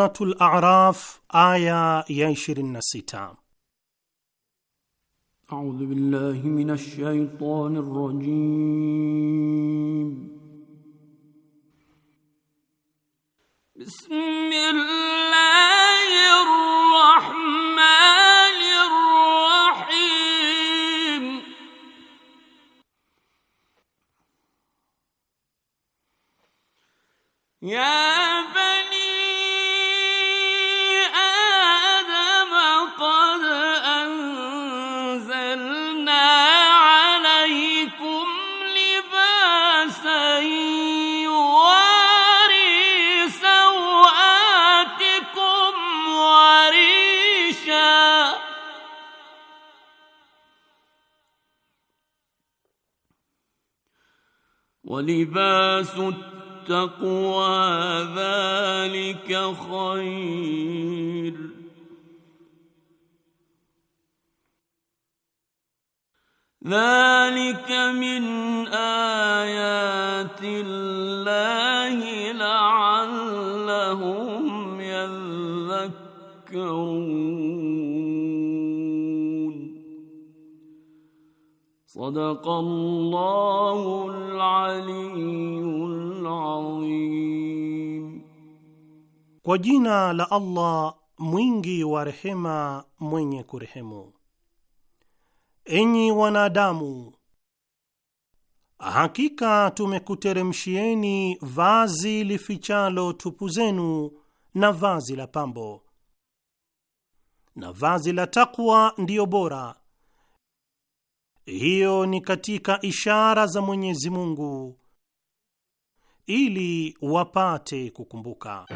Suratul A'raf aya ya 26. أعوذ بالله من الشيطان الرجيم بسم الله الرحمن الرحيم يا بني ولباس التقوى ذلك خير ذلك من ايات الله لعلهم يذكرون Aliyyul Azim. Kwa jina la Allah mwingi wa rehema mwenye kurehemu. Enyi wanadamu, hakika tumekuteremshieni vazi lifichalo tupu zenu na vazi la pambo, na vazi la takwa ndiyo bora hiyo ni katika ishara za Mwenyezi Mungu ili wapate kukumbuka.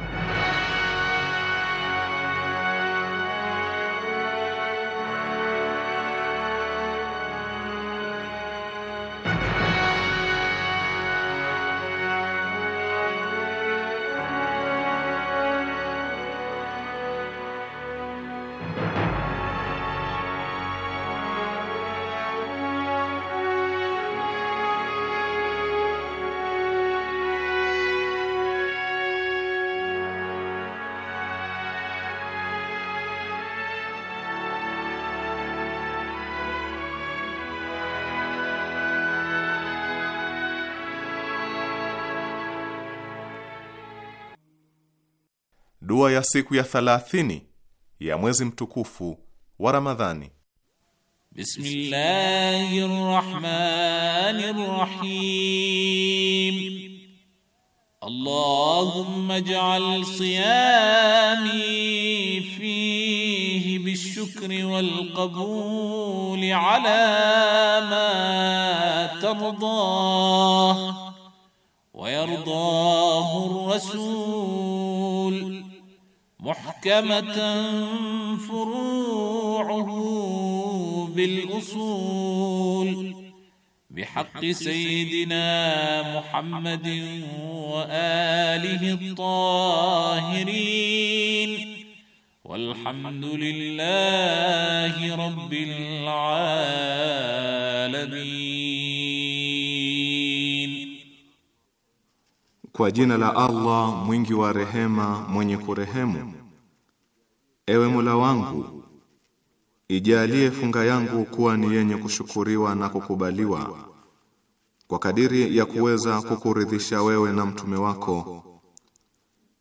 Dua ya siku ya thalathini ya mwezi mtukufu wa Ramadhani. Bismillahirrahmanirrahim. Allahumma ij'al siyami fihi bishukri wal qabuli ala ma tardah wa yardahu ar-rasul محكمة فروعه بالأصول بحق سيدنا محمد وآله الطاهرين والحمد لله رب العالمين Kwa jina la Allah mwingi wa rehema mwenye kurehemu. Ewe Mola wangu, ijalie funga yangu kuwa ni yenye kushukuriwa na kukubaliwa kwa kadiri ya kuweza kukuridhisha wewe na mtume wako,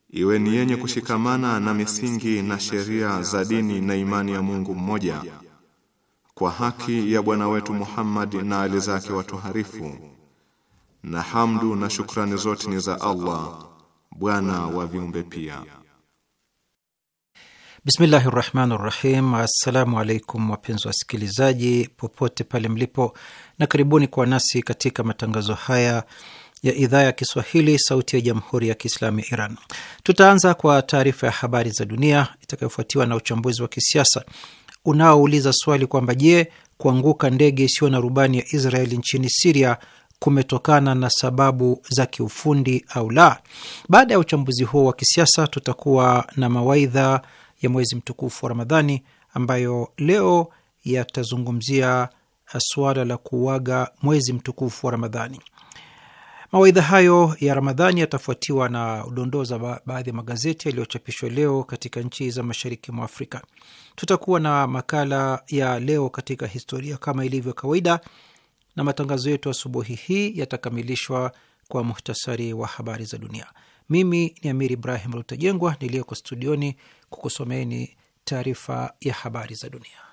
iwe ni yenye kushikamana na misingi na sheria za dini na imani ya Mungu mmoja, kwa haki ya bwana wetu Muhammad na ali zake watoharifu na hamdu na shukrani zote ni za Allah bwana wa viumbe pia. Bismillahi rahmani rahim. Assalamu alaikum wapenzi wasikilizaji popote pale mlipo, na karibuni kwa nasi katika matangazo haya ya idhaa ya Kiswahili sauti ya jamhuri ya Kiislamu ya Iran. Tutaanza kwa taarifa ya habari za dunia itakayofuatiwa na uchambuzi wa kisiasa unaouliza swali kwamba je, kuanguka ndege isiyo na rubani ya Israeli nchini Siria kumetokana na sababu za kiufundi au la. Baada ya uchambuzi huo wa kisiasa, tutakuwa na mawaidha ya mwezi mtukufu wa Ramadhani ambayo leo yatazungumzia suala la kuuaga mwezi mtukufu wa Ramadhani. Mawaidha hayo ya Ramadhani yatafuatiwa na udondoo za baadhi ya magazeti yaliyochapishwa leo katika nchi za mashariki mwa Afrika. Tutakuwa na makala ya leo katika historia kama ilivyo kawaida, na matangazo yetu asubuhi hii yatakamilishwa kwa muhtasari wa habari za dunia. Mimi ni Amir Ibrahim Rutajengwa niliyoko studioni kukusomeeni taarifa ya habari za dunia.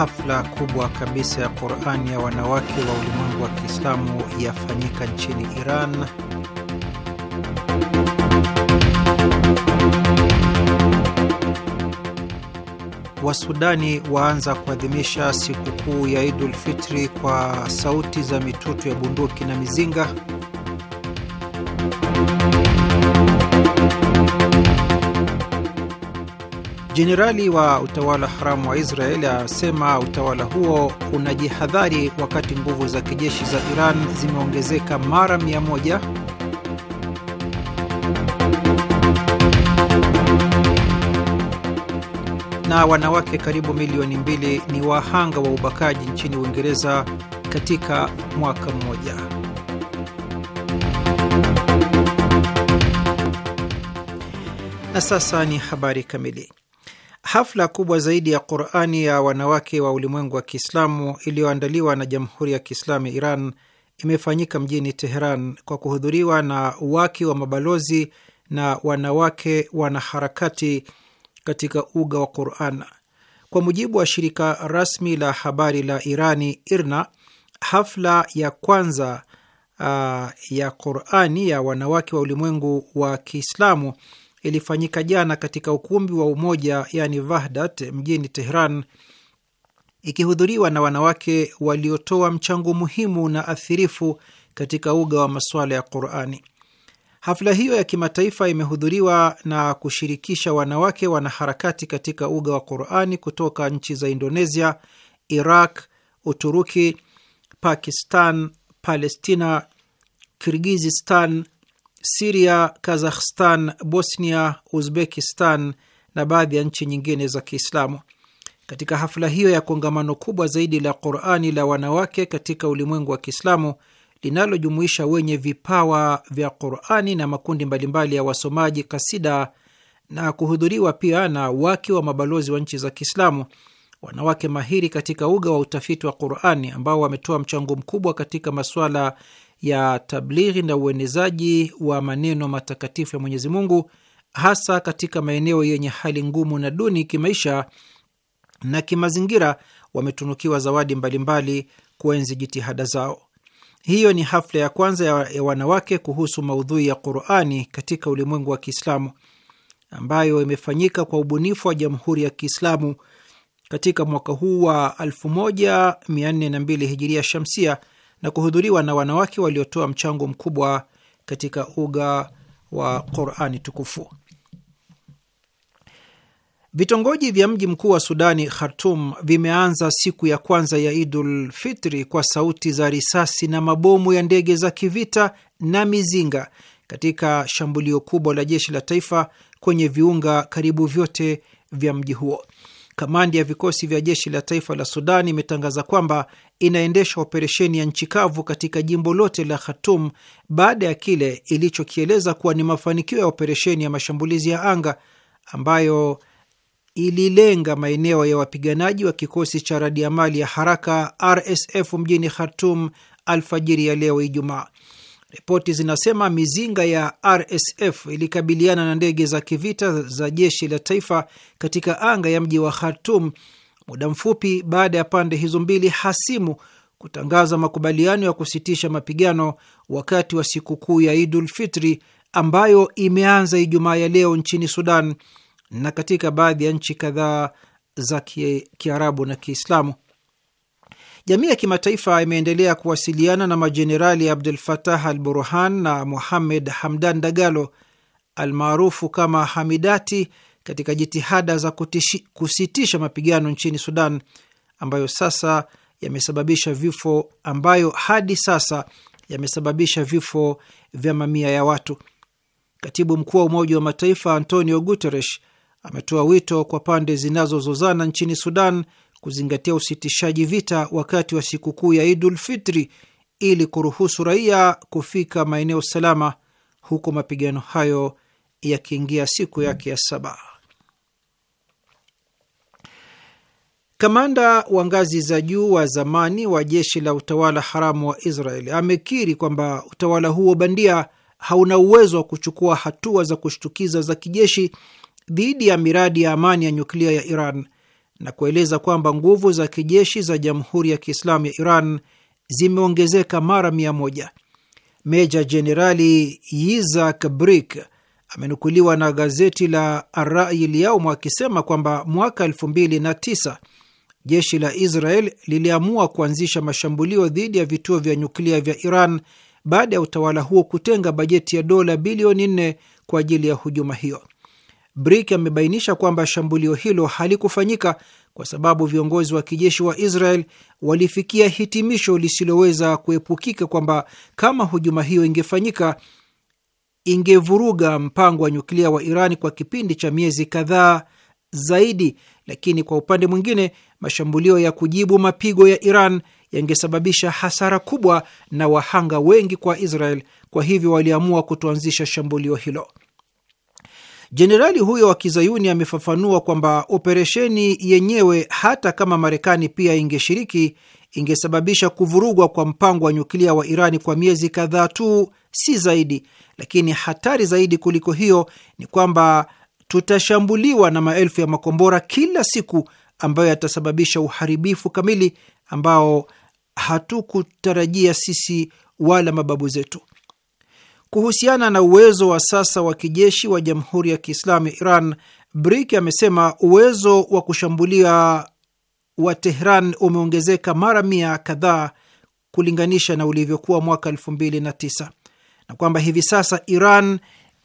hafla kubwa kabisa ya Qurani ya wanawake wa ulimwengu wa Kiislamu yafanyika nchini Iran. Wasudani waanza kuadhimisha sikukuu ya Idul Fitri kwa sauti za mitutu ya bunduki na mizinga. Jenerali wa utawala haramu wa Israeli asema utawala huo unajihadhari wakati nguvu za kijeshi za Iran zimeongezeka mara mia moja. Na wanawake karibu milioni mbili ni wahanga wa ubakaji nchini Uingereza katika mwaka mmoja. Na sasa ni habari kamili. Hafla kubwa zaidi ya Qurani ya wanawake wa ulimwengu wa Kiislamu iliyoandaliwa na Jamhuri ya Kiislamu ya Iran imefanyika mjini Teheran kwa kuhudhuriwa na uwaki wa mabalozi na wanawake wanaharakati katika uga wa Quran. Kwa mujibu wa shirika rasmi la habari la Irani, IRNA, hafla ya kwanza uh, ya Qurani ya wanawake wa ulimwengu wa Kiislamu ilifanyika jana katika ukumbi wa Umoja yani Vahdat mjini Tehran, ikihudhuriwa na wanawake waliotoa mchango muhimu na athirifu katika uga wa masuala ya Qurani. Hafla hiyo ya kimataifa imehudhuriwa na kushirikisha wanawake wanaharakati katika uga wa Qurani kutoka nchi za Indonesia, Iraq, Uturuki, Pakistan, Palestina, Kirgizistan, Siria, Kazakhstan, Bosnia, Uzbekistan na baadhi ya nchi nyingine za Kiislamu. Katika hafla hiyo ya kongamano kubwa zaidi la Qurani la wanawake katika ulimwengu wa Kiislamu linalojumuisha wenye vipawa vya Qurani na makundi mbalimbali ya wasomaji kasida na kuhudhuriwa pia na wake wa mabalozi wa nchi za Kiislamu, wanawake mahiri katika uga wa utafiti wa Qurani ambao wametoa mchango mkubwa katika masuala ya tablighi na uenezaji wa maneno matakatifu ya Mwenyezi Mungu, hasa katika maeneo yenye hali ngumu na duni kimaisha na kimazingira, wametunukiwa zawadi mbalimbali kuenzi jitihada zao. Hiyo ni hafla ya kwanza ya wanawake kuhusu maudhui ya Qurani katika ulimwengu wa Kiislamu ambayo imefanyika kwa ubunifu wa Jamhuri ya Kiislamu katika mwaka huu wa 1402 hijiria shamsia na kuhudhuriwa na wanawake waliotoa mchango mkubwa katika uga wa Qurani tukufu. Vitongoji vya mji mkuu wa Sudani, Khartum, vimeanza siku ya kwanza ya Idul Fitri kwa sauti za risasi na mabomu ya ndege za kivita na mizinga katika shambulio kubwa la jeshi la taifa kwenye viunga karibu vyote vya mji huo kamandi ya vikosi vya jeshi la taifa la Sudan imetangaza kwamba inaendesha operesheni ya nchi kavu katika jimbo lote la Khartoum baada ya kile ilichokieleza kuwa ni mafanikio ya operesheni ya mashambulizi ya anga ambayo ililenga maeneo ya wapiganaji wa kikosi cha radiamali ya haraka RSF mjini Khartoum alfajiri ya leo Ijumaa. Ripoti zinasema mizinga ya RSF ilikabiliana na ndege za kivita za jeshi la taifa katika anga ya mji wa Khartum muda mfupi baada ya pande hizo mbili hasimu kutangaza makubaliano ya kusitisha mapigano wakati wa sikukuu ya Idul Fitri ambayo imeanza Ijumaa ya leo nchini Sudan na katika baadhi ya nchi kadhaa za Kiarabu na Kiislamu. Jamii ya kimataifa imeendelea kuwasiliana na majenerali Abdul Fatah al Burhan na Muhammed Hamdan Dagalo almaarufu kama Hamidati katika jitihada za kutishi, kusitisha mapigano nchini Sudan ambayo sasa yamesababisha vifo ambayo hadi sasa yamesababisha vifo vya mamia ya watu. Katibu mkuu wa Umoja wa Mataifa Antonio Guterres ametoa wito kwa pande zinazozozana nchini Sudan kuzingatia usitishaji vita wakati wa sikukuu ya Idul Fitri ili kuruhusu raia kufika maeneo salama, huku mapigano hayo yakiingia siku yake ya saba. Kamanda wa ngazi za juu wa zamani wa jeshi la utawala haramu wa israel amekiri kwamba utawala huo bandia hauna uwezo wa kuchukua hatua za kushtukiza za kijeshi dhidi ya miradi ya amani ya nyuklia ya Iran na kueleza kwamba nguvu za kijeshi za Jamhuri ya Kiislamu ya Iran zimeongezeka mara mia moja. Meja Jenerali Yizak Brik amenukuliwa na gazeti la Arai Lyaum akisema kwamba mwaka tisa jeshi la Israel liliamua kuanzisha mashambulio dhidi ya vituo vya nyuklia vya Iran baada ya utawala huo kutenga bajeti ya dola bilioni 4 kwa ajili ya hujuma hiyo. BRIC amebainisha kwamba shambulio hilo halikufanyika kwa sababu viongozi wa kijeshi wa Israel walifikia hitimisho lisiloweza kuepukika kwamba kama hujuma hiyo ingefanyika ingevuruga mpango wa nyuklia wa Iran kwa kipindi cha miezi kadhaa zaidi, lakini kwa upande mwingine mashambulio ya kujibu mapigo ya Iran yangesababisha hasara kubwa na wahanga wengi kwa Israel. Kwa hivyo waliamua kutoanzisha shambulio hilo. Jenerali huyo wa kizayuni amefafanua kwamba operesheni yenyewe, hata kama Marekani pia ingeshiriki, ingesababisha kuvurugwa kwa mpango wa nyuklia wa Irani kwa miezi kadhaa tu, si zaidi. Lakini hatari zaidi kuliko hiyo ni kwamba tutashambuliwa na maelfu ya makombora kila siku ambayo yatasababisha uharibifu kamili ambao hatukutarajia sisi wala mababu zetu. Kuhusiana na uwezo wa sasa wa kijeshi wa Jamhuri ya Kiislamu ya Iran, brik amesema uwezo wa kushambulia wa Tehran umeongezeka mara mia kadhaa kulinganisha na ulivyokuwa mwaka 29 na kwamba hivi sasa Iran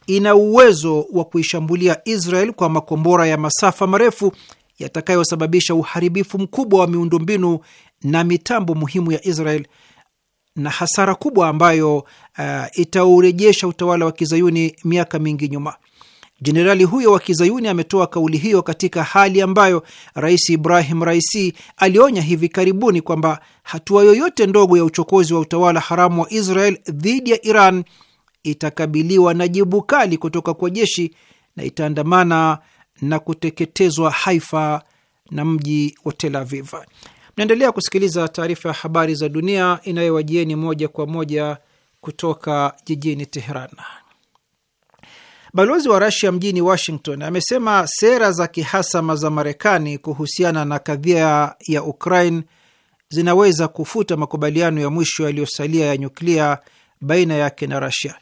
ina uwezo wa kuishambulia Israel kwa makombora ya masafa marefu yatakayosababisha uharibifu mkubwa wa miundombinu na mitambo muhimu ya Israel na hasara kubwa ambayo uh, itaurejesha utawala wa kizayuni miaka mingi nyuma. Jenerali huyo wa kizayuni ametoa kauli hiyo katika hali ambayo Rais Ibrahim Raisi alionya hivi karibuni kwamba hatua yoyote ndogo ya uchokozi wa utawala haramu wa Israel dhidi ya Iran itakabiliwa na jibu kali kutoka kwa jeshi na itaandamana na kuteketezwa Haifa na mji wa Tel Aviv. Mnaendelea kusikiliza taarifa ya habari za dunia inayowajieni moja kwa moja kutoka jijini Teheran. Balozi wa Rasia mjini Washington amesema sera za kihasama za Marekani kuhusiana na kadhia ya Ukraine zinaweza kufuta makubaliano ya mwisho yaliyosalia ya nyuklia baina yake na Rasia.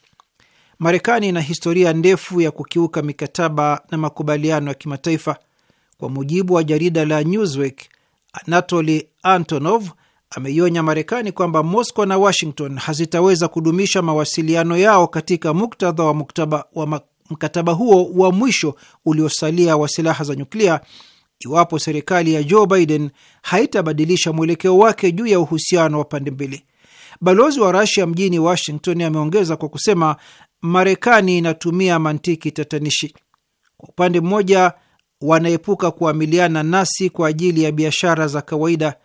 Marekani ina historia ndefu ya kukiuka mikataba na makubaliano ya kimataifa. Kwa mujibu wa jarida la Newsweek, Anatoli Antonov ameionya Marekani kwamba Moscow na Washington hazitaweza kudumisha mawasiliano yao katika muktadha wa, muktaba, wa mkataba huo wa mwisho uliosalia wa silaha za nyuklia iwapo serikali ya Joe Biden haitabadilisha mwelekeo wake juu ya uhusiano wa pande mbili. Balozi wa Rasia mjini Washington ameongeza kwa kusema Marekani inatumia mantiki tatanishi. Kwa upande mmoja wanaepuka kuamiliana nasi kwa ajili ya biashara za kawaida,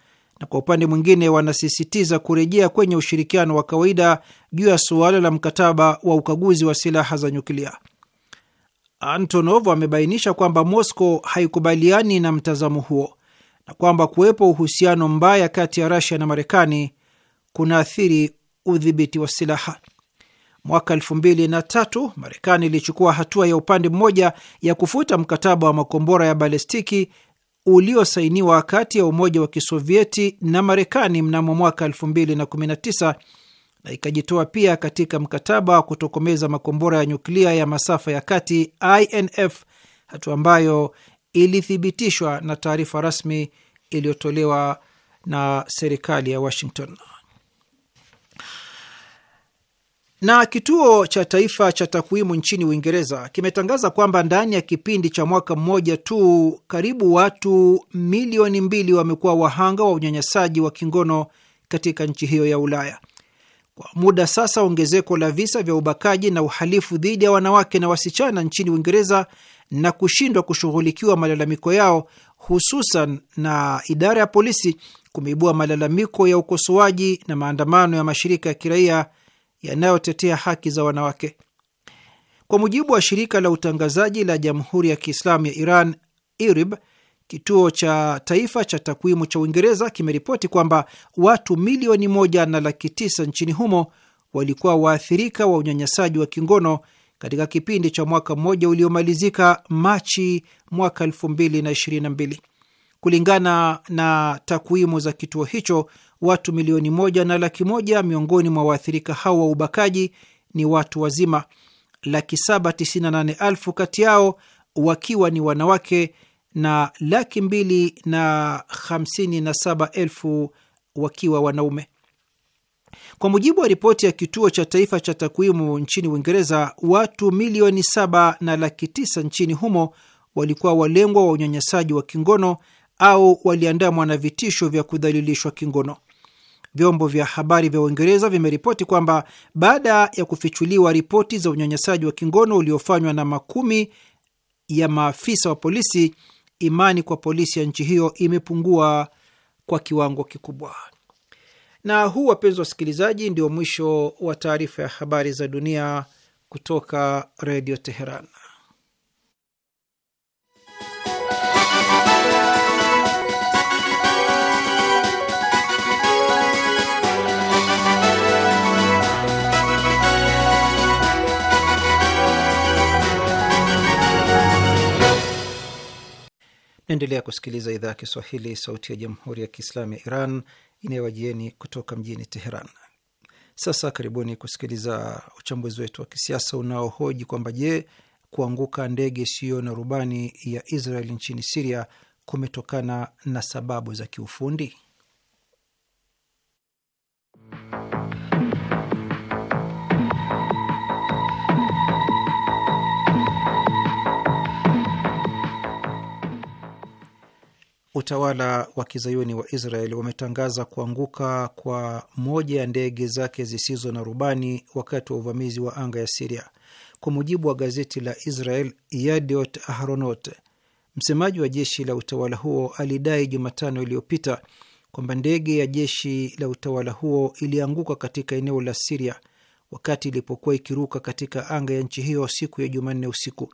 na kwa upande mwingine wanasisitiza kurejea kwenye ushirikiano wa kawaida juu ya suala la mkataba wa ukaguzi wa silaha za nyuklia. Antonov amebainisha kwamba Moscow haikubaliani na mtazamo huo na kwamba kuwepo uhusiano mbaya kati ya Russia na Marekani kunaathiri udhibiti wa silaha. Mwaka elfu mbili na tatu Marekani ilichukua hatua ya upande mmoja ya kufuta mkataba wa makombora ya balistiki uliosainiwa kati ya Umoja wa Kisovieti na Marekani mnamo mwaka elfu mbili na kumi na tisa na ikajitoa pia katika mkataba wa kutokomeza makombora ya nyuklia ya masafa ya kati INF, hatua ambayo ilithibitishwa na taarifa rasmi iliyotolewa na serikali ya Washington. Na kituo cha taifa cha takwimu nchini Uingereza kimetangaza kwamba ndani ya kipindi cha mwaka mmoja tu karibu watu milioni mbili wamekuwa wahanga wa unyanyasaji wa kingono katika nchi hiyo ya Ulaya. Kwa muda sasa, ongezeko la visa vya ubakaji na uhalifu dhidi ya wanawake na wasichana nchini Uingereza na kushindwa kushughulikiwa malalamiko yao, hususan na idara ya polisi, kumeibua malalamiko ya ukosoaji na maandamano ya mashirika ya kiraia yanayotetea haki za wanawake. Kwa mujibu wa shirika la utangazaji la Jamhuri ya Kiislamu ya Iran, IRIB, kituo cha taifa cha takwimu cha Uingereza kimeripoti kwamba watu milioni moja na laki tisa nchini humo walikuwa waathirika wa unyanyasaji wa kingono katika kipindi cha mwaka mmoja uliomalizika Machi mwaka 2022. Kulingana na takwimu za kituo hicho, watu milioni moja na laki moja miongoni mwa waathirika hao wa ubakaji ni watu wazima, laki saba tisini na nane elfu kati yao wakiwa ni wanawake na laki mbili na hamsini na saba elfu wakiwa wanaume. Kwa mujibu wa ripoti ya kituo cha taifa cha takwimu nchini Uingereza, watu milioni saba na laki tisa nchini humo walikuwa walengwa wa unyanyasaji wa kingono au waliandamwa na vitisho vya kudhalilishwa kingono. Vyombo vya habari vya Uingereza vimeripoti kwamba baada ya kufichuliwa ripoti za unyanyasaji wa kingono uliofanywa na makumi ya maafisa wa polisi, imani kwa polisi ya nchi hiyo imepungua kwa kiwango kikubwa. Na huu, wapenzi wasikilizaji, ndio mwisho wa taarifa ya habari za dunia kutoka Redio Teheran. Naendelea kusikiliza idhaa ya Kiswahili, sauti ya jamhuri ya kiislamu ya Iran inayowajieni kutoka mjini Teheran. Sasa karibuni kusikiliza uchambuzi wetu wa kisiasa unaohoji kwamba je, kuanguka ndege isiyo na rubani ya Israel nchini Siria kumetokana na sababu za kiufundi? utawala wa kizayuni wa Israel umetangaza kuanguka kwa moja ya ndege zake zisizo na rubani wakati wa uvamizi wa anga ya Siria. Kwa mujibu wa gazeti la Israel Yadiot Ahronot, msemaji wa jeshi la utawala huo alidai Jumatano iliyopita kwamba ndege ya jeshi la utawala huo ilianguka katika eneo la Siria wakati ilipokuwa ikiruka katika anga ya nchi hiyo siku ya Jumanne usiku.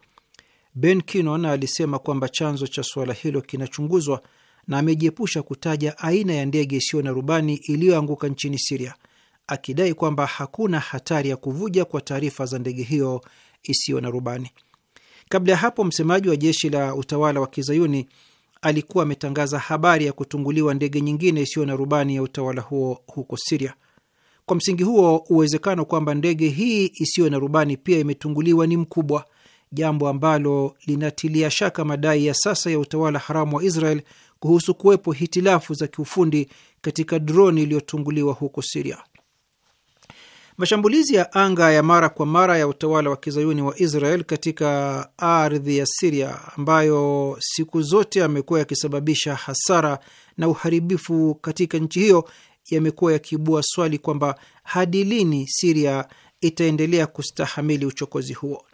Ben Kinon alisema kwamba chanzo cha suala hilo kinachunguzwa na amejiepusha kutaja aina ya ndege isiyo na rubani iliyoanguka nchini Siria, akidai kwamba hakuna hatari ya kuvuja kwa taarifa za ndege hiyo isiyo na rubani. Kabla ya hapo, msemaji wa jeshi la utawala wa kizayuni alikuwa ametangaza habari ya kutunguliwa ndege nyingine isiyo na rubani ya utawala huo huko Siria. Kwa msingi huo, uwezekano kwamba ndege hii isiyo na rubani pia imetunguliwa ni mkubwa jambo ambalo linatilia shaka madai ya sasa ya utawala haramu wa Israel kuhusu kuwepo hitilafu za kiufundi katika droni iliyotunguliwa huko Siria. Mashambulizi ya anga ya mara kwa mara ya utawala wa kizayuni wa Israel katika ardhi ya Siria, ambayo siku zote yamekuwa yakisababisha hasara na uharibifu katika nchi hiyo, yamekuwa yakiibua swali kwamba hadi lini Siria itaendelea kustahamili uchokozi huo.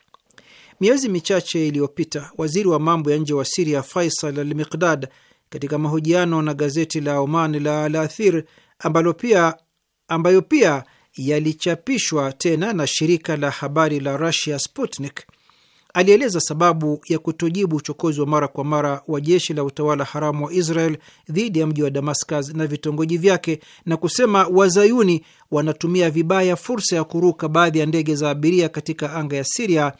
Miezi michache iliyopita, waziri wa mambo ya nje wa Siria Faisal Al Miqdad, katika mahojiano na gazeti la Oman la Al Athir ambalo pia ambayo pia yalichapishwa tena na shirika la habari la Russia Sputnik alieleza sababu ya kutojibu uchokozi wa mara kwa mara wa jeshi la utawala haramu wa Israel dhidi ya mji wa Damascus na vitongoji vyake, na kusema wazayuni wanatumia vibaya fursa ya kuruka baadhi ya ndege za abiria katika anga ya Siria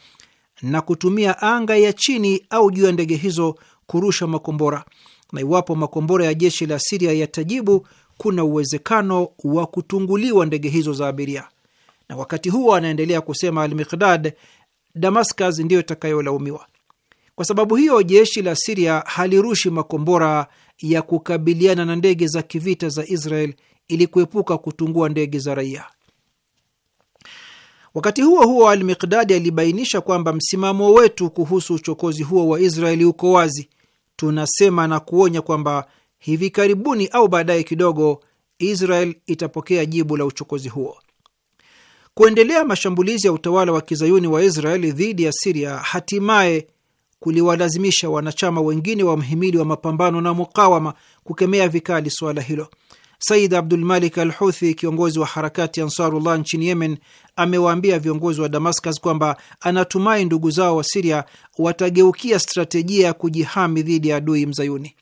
na kutumia anga ya chini au juu ya ndege hizo kurusha makombora, na iwapo makombora ya jeshi la Siria yatajibu, kuna uwezekano wa kutunguliwa ndege hizo za abiria. Na wakati huo, anaendelea kusema Al-Miqdad, Damascus ndiyo itakayolaumiwa. Kwa sababu hiyo, jeshi la Siria halirushi makombora ya kukabiliana na ndege za kivita za Israel ili kuepuka kutungua ndege za raia. Wakati huo huo, Almiqdadi alibainisha kwamba msimamo wetu kuhusu uchokozi huo wa Israeli uko wazi. Tunasema na kuonya kwamba hivi karibuni au baadaye kidogo Israel itapokea jibu la uchokozi huo. Kuendelea mashambulizi ya utawala wa kizayuni wa Israeli dhidi ya Siria hatimaye kuliwalazimisha wanachama wengine wa mhimili wa mapambano na mukawama kukemea vikali suala hilo. Said Abdulmalik al Huthi, kiongozi wa harakati Ansarullah nchini Yemen, amewaambia viongozi wa Damascus kwamba anatumai ndugu zao wa Siria watageukia stratejia ya kujihami dhidi ya adui mzayuni.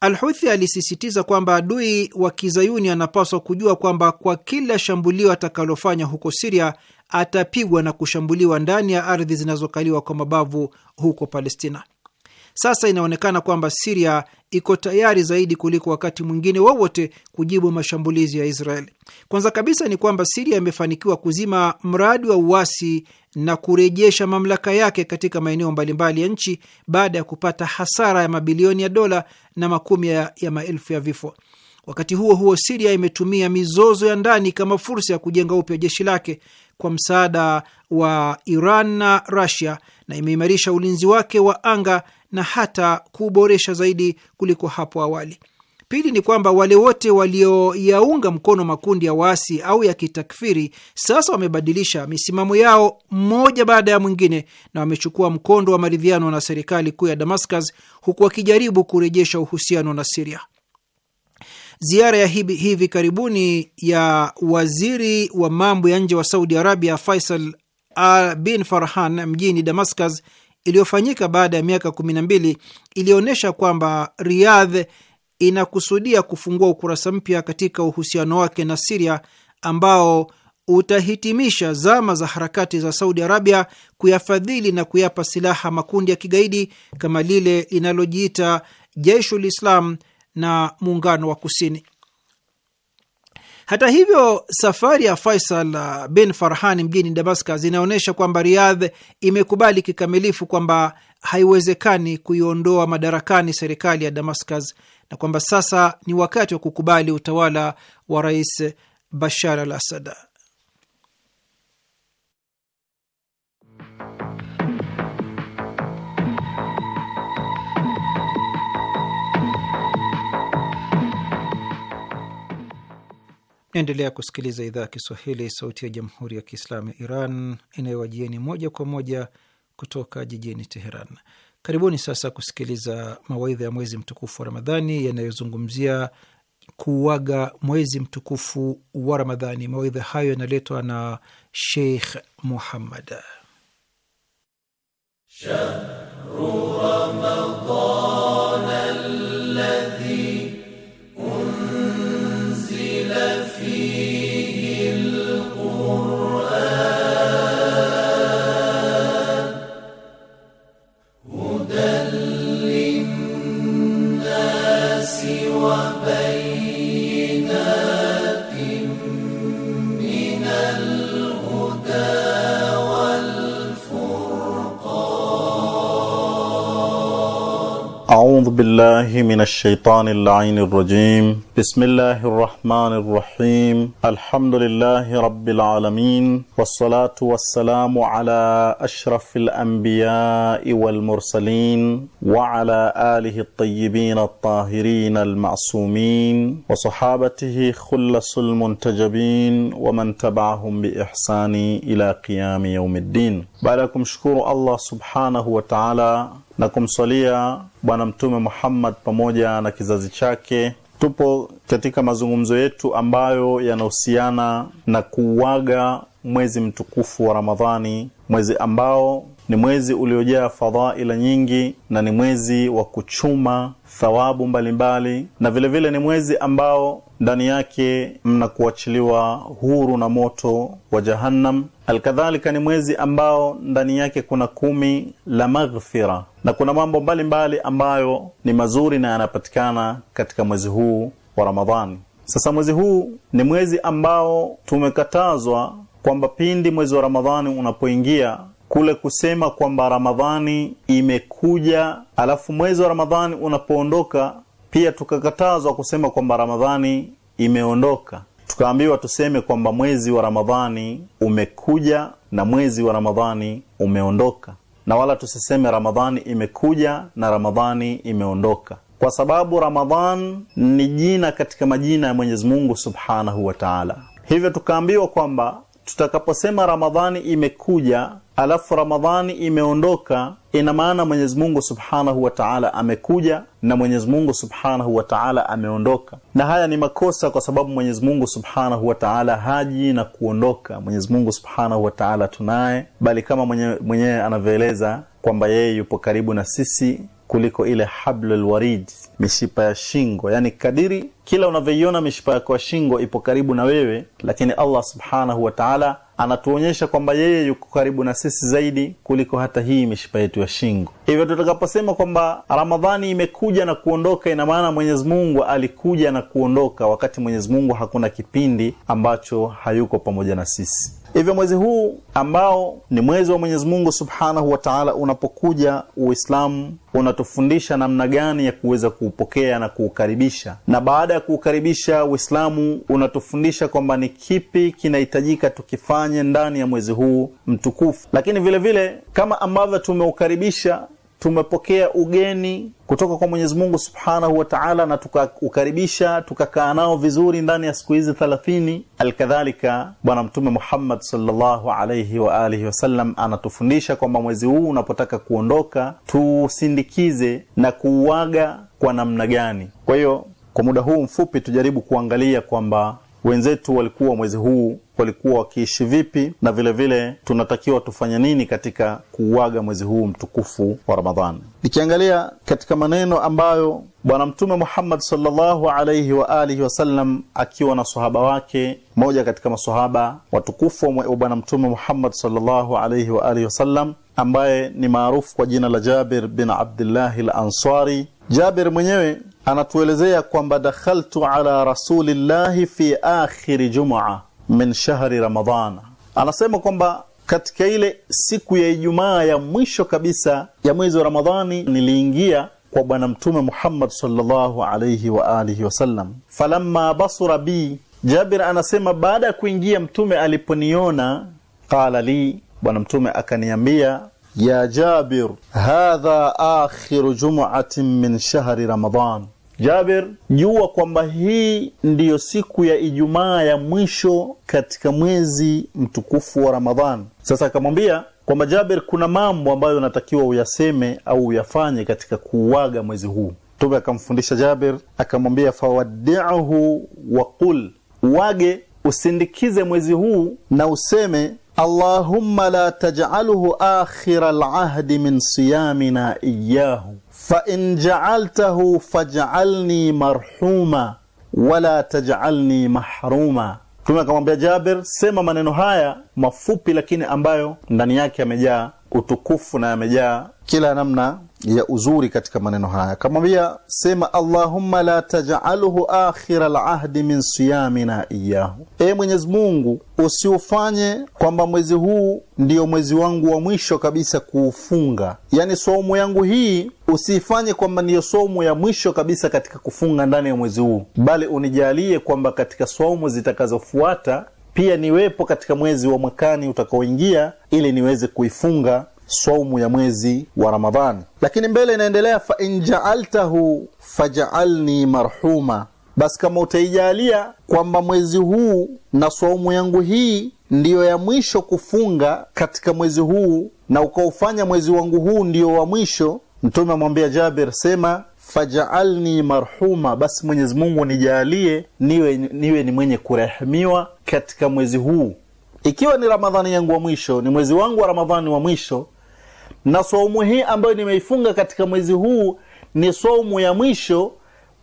al huthi alisisitiza kwamba adui wa kizayuni anapaswa kujua kwamba kwa kila shambulio atakalofanya huko Siria atapigwa na kushambuliwa ndani ya ardhi zinazokaliwa kwa mabavu huko Palestina. Sasa inaonekana kwamba Siria iko tayari zaidi kuliko wakati mwingine wowote kujibu mashambulizi ya israel Kwanza kabisa ni kwamba Siria imefanikiwa kuzima mradi wa uasi na kurejesha mamlaka yake katika maeneo mbalimbali ya nchi baada ya kupata hasara ya mabilioni ya dola na makumi ya, ya maelfu ya vifo. Wakati huo huo, Siria imetumia mizozo ya ndani kama fursa ya kujenga upya jeshi lake kwa msaada wa Iran na rasia na imeimarisha ulinzi wake wa anga na hata kuboresha zaidi kuliko hapo awali. Pili ni kwamba wale wote walioyaunga mkono makundi ya waasi au ya kitakfiri sasa wamebadilisha misimamo yao mmoja baada ya mwingine na wamechukua mkondo wa maridhiano na serikali kuu ya Damascus huku wakijaribu kurejesha uhusiano na Siria. Ziara ya hivi, hivi karibuni ya waziri wa mambo ya nje wa Saudi Arabia Faisal ah, bin Farhan mjini Damascus iliyofanyika baada ya miaka kumi na mbili ilionyesha kwamba Riyadh inakusudia kufungua ukurasa mpya katika uhusiano wake na Siria ambao utahitimisha zama za harakati za Saudi Arabia kuyafadhili na kuyapa silaha makundi ya kigaidi kama lile linalojiita Jeishul Islam na Muungano wa Kusini. Hata hivyo, safari ya Faisal uh, bin Farhan mjini Damascus inaonyesha kwamba Riyadh imekubali kikamilifu kwamba haiwezekani kuiondoa madarakani serikali ya Damascus na kwamba sasa ni wakati wa kukubali utawala wa Rais Bashar al Assad. Naendelea kusikiliza idhaa ya Kiswahili, sauti ya jamhuri ya kiislamu ya Iran inayowajieni moja kwa moja kutoka jijini Teheran. Karibuni sasa kusikiliza mawaidha ya mwezi mtukufu wa Ramadhani yanayozungumzia kuuaga mwezi mtukufu wa Ramadhani. Mawaidha hayo yanaletwa na Sheikh Muhammad Shahru بالله من الشيطان اللعين الرجيم بسم الله الرحمن الرحيم الحمد لله رب العالمين والصلاة والسلام على أشرف الأنبياء والمرسلين وعلى آله الطيبين الطاهرين المعصومين وصحابته خلص المنتجبين ومن تبعهم بإحسان إلى قيام يوم الدين بعدكم شكور الله سبحانه وتعالى na kumswalia Bwana Mtume Muhammad pamoja na kizazi chake. Tupo katika mazungumzo yetu ambayo yanahusiana na kuuaga mwezi mtukufu wa Ramadhani, mwezi ambao ni mwezi uliojaa fadhaila nyingi na ni mwezi wa kuchuma thawabu mbalimbali mbali. na vilevile vile ni mwezi ambao ndani yake mna kuachiliwa huru na moto wa jahannam alkadhalika ni mwezi ambao ndani yake kuna kumi la maghfira na kuna mambo mbalimbali mbali ambayo ni mazuri na yanapatikana katika mwezi huu wa ramadhani sasa mwezi huu ni mwezi ambao tumekatazwa kwamba pindi mwezi wa ramadhani unapoingia kule kusema kwamba Ramadhani imekuja, alafu mwezi wa Ramadhani unapoondoka, pia tukakatazwa kusema kwamba Ramadhani imeondoka, tukaambiwa tuseme kwamba mwezi wa Ramadhani umekuja na mwezi wa Ramadhani umeondoka, na wala tusiseme Ramadhani imekuja na Ramadhani imeondoka, kwa sababu Ramadhan ni jina katika majina ya Mwenyezi Mungu Subhanahu wa Ta'ala. Hivyo tukaambiwa kwamba tutakaposema Ramadhani imekuja alafu Ramadhani imeondoka, ina maana Mwenyezi Mungu Subhanahu wa Ta'ala amekuja na Mwenyezi Mungu Subhanahu wa Ta'ala ameondoka. Na haya ni makosa, kwa sababu Mwenyezi Mungu Subhanahu wa Ta'ala haji na kuondoka. Mwenyezi Mungu Subhanahu wa Ta'ala tunaye, bali kama mwenyewe mwenye anavyoeleza kwamba yeye yupo karibu na sisi kuliko ile hablul warid mishipa ya shingo, yani kadiri kila unavyoiona mishipa yako ya shingo ipo karibu na wewe, lakini Allah subhanahu wa ta'ala anatuonyesha kwamba yeye yuko karibu na sisi zaidi kuliko hata hii mishipa yetu ya shingo. Hivyo tutakaposema kwamba Ramadhani imekuja na kuondoka, ina maana Mwenyezi Mungu alikuja na kuondoka, wakati Mwenyezi Mungu hakuna kipindi ambacho hayuko pamoja na sisi. Hivyo mwezi huu ambao ni mwezi wa Mwenyezi Mungu Subhanahu wa Ta'ala, unapokuja Uislamu unatufundisha namna gani ya kuweza kuupokea na kuukaribisha, na baada ya kuukaribisha Uislamu unatufundisha kwamba ni kipi kinahitajika tukifanye ndani ya mwezi huu mtukufu. Lakini vile vile kama ambavyo tumeukaribisha tumepokea ugeni kutoka kwa Mwenyezi Mungu Subhanahu wa Ta'ala, na tukaukaribisha tukakaa nao vizuri ndani ya siku hizi thalathini. Alkadhalika, Bwana Mtume Muhammad sallallahu alayhi wa alihi wasallam anatufundisha kwamba mwezi huu unapotaka kuondoka tusindikize na kuuaga kwa namna gani. Kwa hiyo kwa muda huu mfupi tujaribu kuangalia kwamba wenzetu walikuwa mwezi huu walikuwa wakiishi vipi, na vile vile tunatakiwa tufanye nini katika kuuaga mwezi huu mtukufu wa Ramadhani. Nikiangalia katika maneno ambayo Bwana Mtume Muhammad sallallahu alaihi wa alihi wasallam akiwa na sahaba wake mmoja katika masahaba watukufu wa Bwana Mtume Muhammad sallallahu alaihi wa alihi wasallam ambaye ni maarufu kwa jina la Jabir bin Abdillahi lansari ansari Jabir mwenyewe anatuelezea kwamba dakhaltu ala rasulillahi fi akhiri jumaa min shahri Ramadhana, anasema kwamba katika ile siku ya Ijumaa ya mwisho kabisa ya mwezi wa Ramadhani niliingia kwa Bwana Mtume Muhammad sallallahu alayhi wa alihi wasallam. Falamma basura bi, Jabir anasema baada ya kuingia Mtume aliponiona, qala li, Bwana Mtume akaniambia ya Jabir, hadha akhiru jumuatin min shahri Ramadhan jaber jua kwamba hii ndiyo siku ya Ijumaa ya mwisho katika mwezi mtukufu wa Ramadhan. Sasa akamwambia kwamba jaber kuna mambo ambayo unatakiwa uyaseme au uyafanye katika kuuaga mwezi huu. Mtume akamfundisha jaber akamwambia fawaddiuhu wa qul, uage usindikize mwezi huu na useme Allahumma la taj'alhu akhira al min siyamina iyyahu فإن جعلته فاجعلني مرحوما ولا تجعلني محروما. كما akamwambia Jabir, sema من نهايه mafupi, lakini ambayo ndani yake yamejaa utukufu na yamejaa kila namna ya uzuri katika maneno haya. Kamwambia, sema Allahumma la tajaluhu akhira lahdi min siyamina iyahu, e Mwenyezi Mungu usiufanye kwamba mwezi huu ndiyo mwezi wangu wa mwisho kabisa kuufunga, yani somu yangu hii usiifanye kwamba ndiyo somu ya mwisho kabisa katika kufunga ndani ya mwezi huu, bali unijalie kwamba katika somu zitakazofuata pia niwepo katika mwezi wa mwakani utakaoingia ili niweze kuifunga saumu ya mwezi wa Ramadhani. Lakini mbele inaendelea, fa injaaltahu fajaalni marhuma, basi kama utaijaalia kwamba mwezi huu na saumu yangu hii ndiyo ya mwisho kufunga katika mwezi huu na ukaufanya mwezi wangu huu ndiyo wa mwisho, Mtume amwambia Jabir, sema faj'alni marhuma, basi Mwenyezi Mungu nijalie niwe, niwe ni mwenye kurehemiwa katika mwezi huu, ikiwa ni Ramadhani yangu wa mwisho, ni mwezi wangu wa Ramadhani wa mwisho, na saumu hii ambayo nimeifunga katika mwezi huu ni saumu ya mwisho,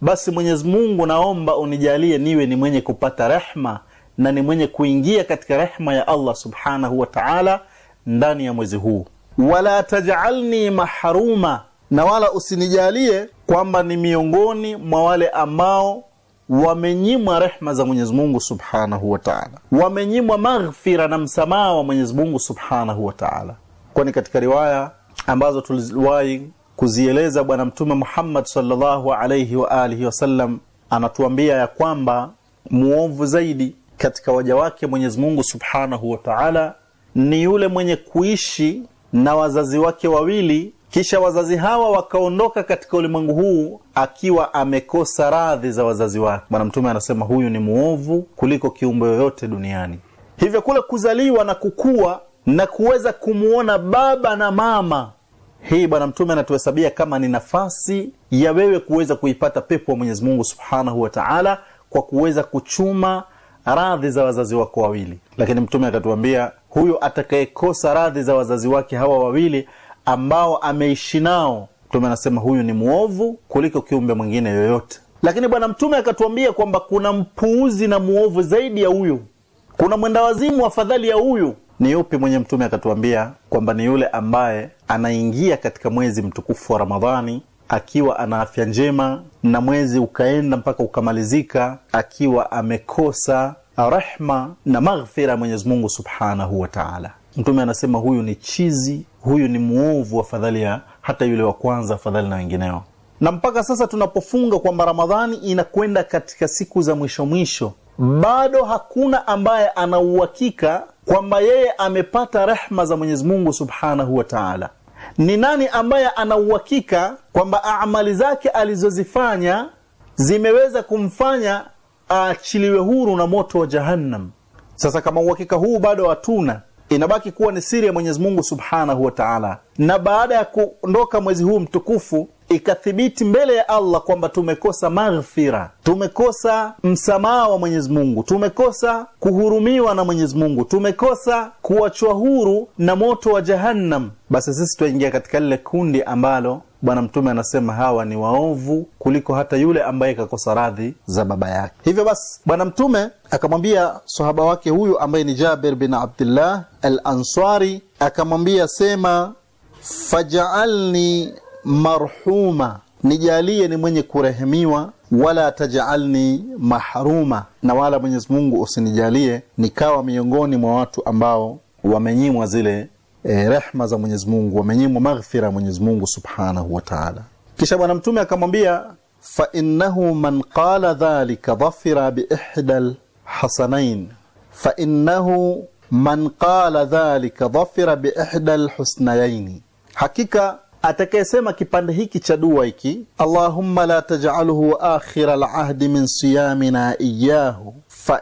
basi Mwenyezi Mungu naomba unijalie niwe ni mwenye kupata rehma na ni mwenye kuingia katika rehma ya Allah subhanahu wa ta'ala ndani ya mwezi huu. Wala tajalni mahruma, na wala usinijalie kwamba ni miongoni mwa wale ambao wamenyimwa rehma za Mwenyezi Mungu Subhanahu wa Ta'ala, wamenyimwa maghfira na msamaha wa Mwenyezi Mungu Subhanahu wa Ta'ala, kwani katika riwaya ambazo tuliwahi kuzieleza Bwana Mtume Muhammad sallallahu alayhi wa alihi wasallam anatuambia ya kwamba muovu zaidi katika waja wake Mwenyezi Mungu Subhanahu wa Ta'ala ni yule mwenye kuishi na wazazi wake wawili kisha wazazi hawa wakaondoka katika ulimwengu huu akiwa amekosa radhi za wazazi wake. Bwana Mtume anasema huyu ni mwovu kuliko kiumbe yoyote duniani. Hivyo kule kuzaliwa na kukua na kuweza kumwona baba na mama, hii Bwana Mtume anatuhesabia kama ni nafasi ya wewe kuweza kuipata pepo wa Mwenyezi Mungu subhanahu wa taala kwa kuweza kuchuma radhi za wazazi wako wawili. Lakini Mtume akatuambia huyo atakayekosa radhi za wazazi wake hawa wawili ambao ameishi nao. Mtume anasema huyu ni mwovu kuliko kiumbe mwingine yoyote, lakini Bwana Mtume akatuambia kwamba kuna mpuuzi na mwovu zaidi ya huyu, kuna mwendawazimu afadhali ya huyu. Ni yupi mwenye? Mtume akatuambia kwamba ni yule ambaye anaingia katika mwezi mtukufu wa Ramadhani akiwa ana afya njema na mwezi ukaenda mpaka ukamalizika akiwa amekosa rehma na maghfira ya mwenyezimungu subhanahu wa taala. Mtume anasema huyu ni chizi huyu ni muovu afadhali ya hata yule wa kwanza afadhali na wengineo na mpaka sasa tunapofunga kwamba ramadhani inakwenda katika siku za mwisho mwisho bado hakuna ambaye anauhakika kwamba yeye amepata rehma za mwenyezi mungu subhanahu wa taala ni nani ambaye anauhakika kwamba amali zake alizozifanya zimeweza kumfanya aachiliwe huru na moto wa jahannam sasa kama uhakika huu bado hatuna inabaki kuwa ni siri ya Mwenyezi Mungu subhanahu wa taala. Na baada ya kuondoka mwezi huu mtukufu, ikathibiti mbele ya Allah kwamba tumekosa maghfira, tumekosa msamaha wa Mwenyezi Mungu, tumekosa kuhurumiwa na Mwenyezi Mungu, tumekosa kuachwa huru na moto wa Jahannam, basi sisi tuingia katika lile kundi ambalo Bwana Mtume anasema hawa ni waovu kuliko hata yule ambaye kakosa radhi za baba yake. Hivyo basi, Bwana Mtume akamwambia sahaba wake huyu ambaye ni Jabir bin Abdullah al-Ansari, akamwambia sema, faj'alni marhuma, nijalie ni mwenye kurehemiwa wala tajalni mahruma, na wala Mwenyezi Mungu usinijalie nikawa miongoni mwa watu ambao wamenyimwa zile e, rehma za Mwenyezi Mungu, wamenyimwa maghfira ya Mwenyezi Mungu subhanahu wa Kisha Bwana Mtume akamwambia fainnahu man qala dhalika dhafira bi ihda lhasanain fa man qala dhalika dhafira bi lhusnayaini, hakika atakayesema kipande hiki cha dua hiki, allahumma la taj'alhu akhira lahdi min siyamina iyahu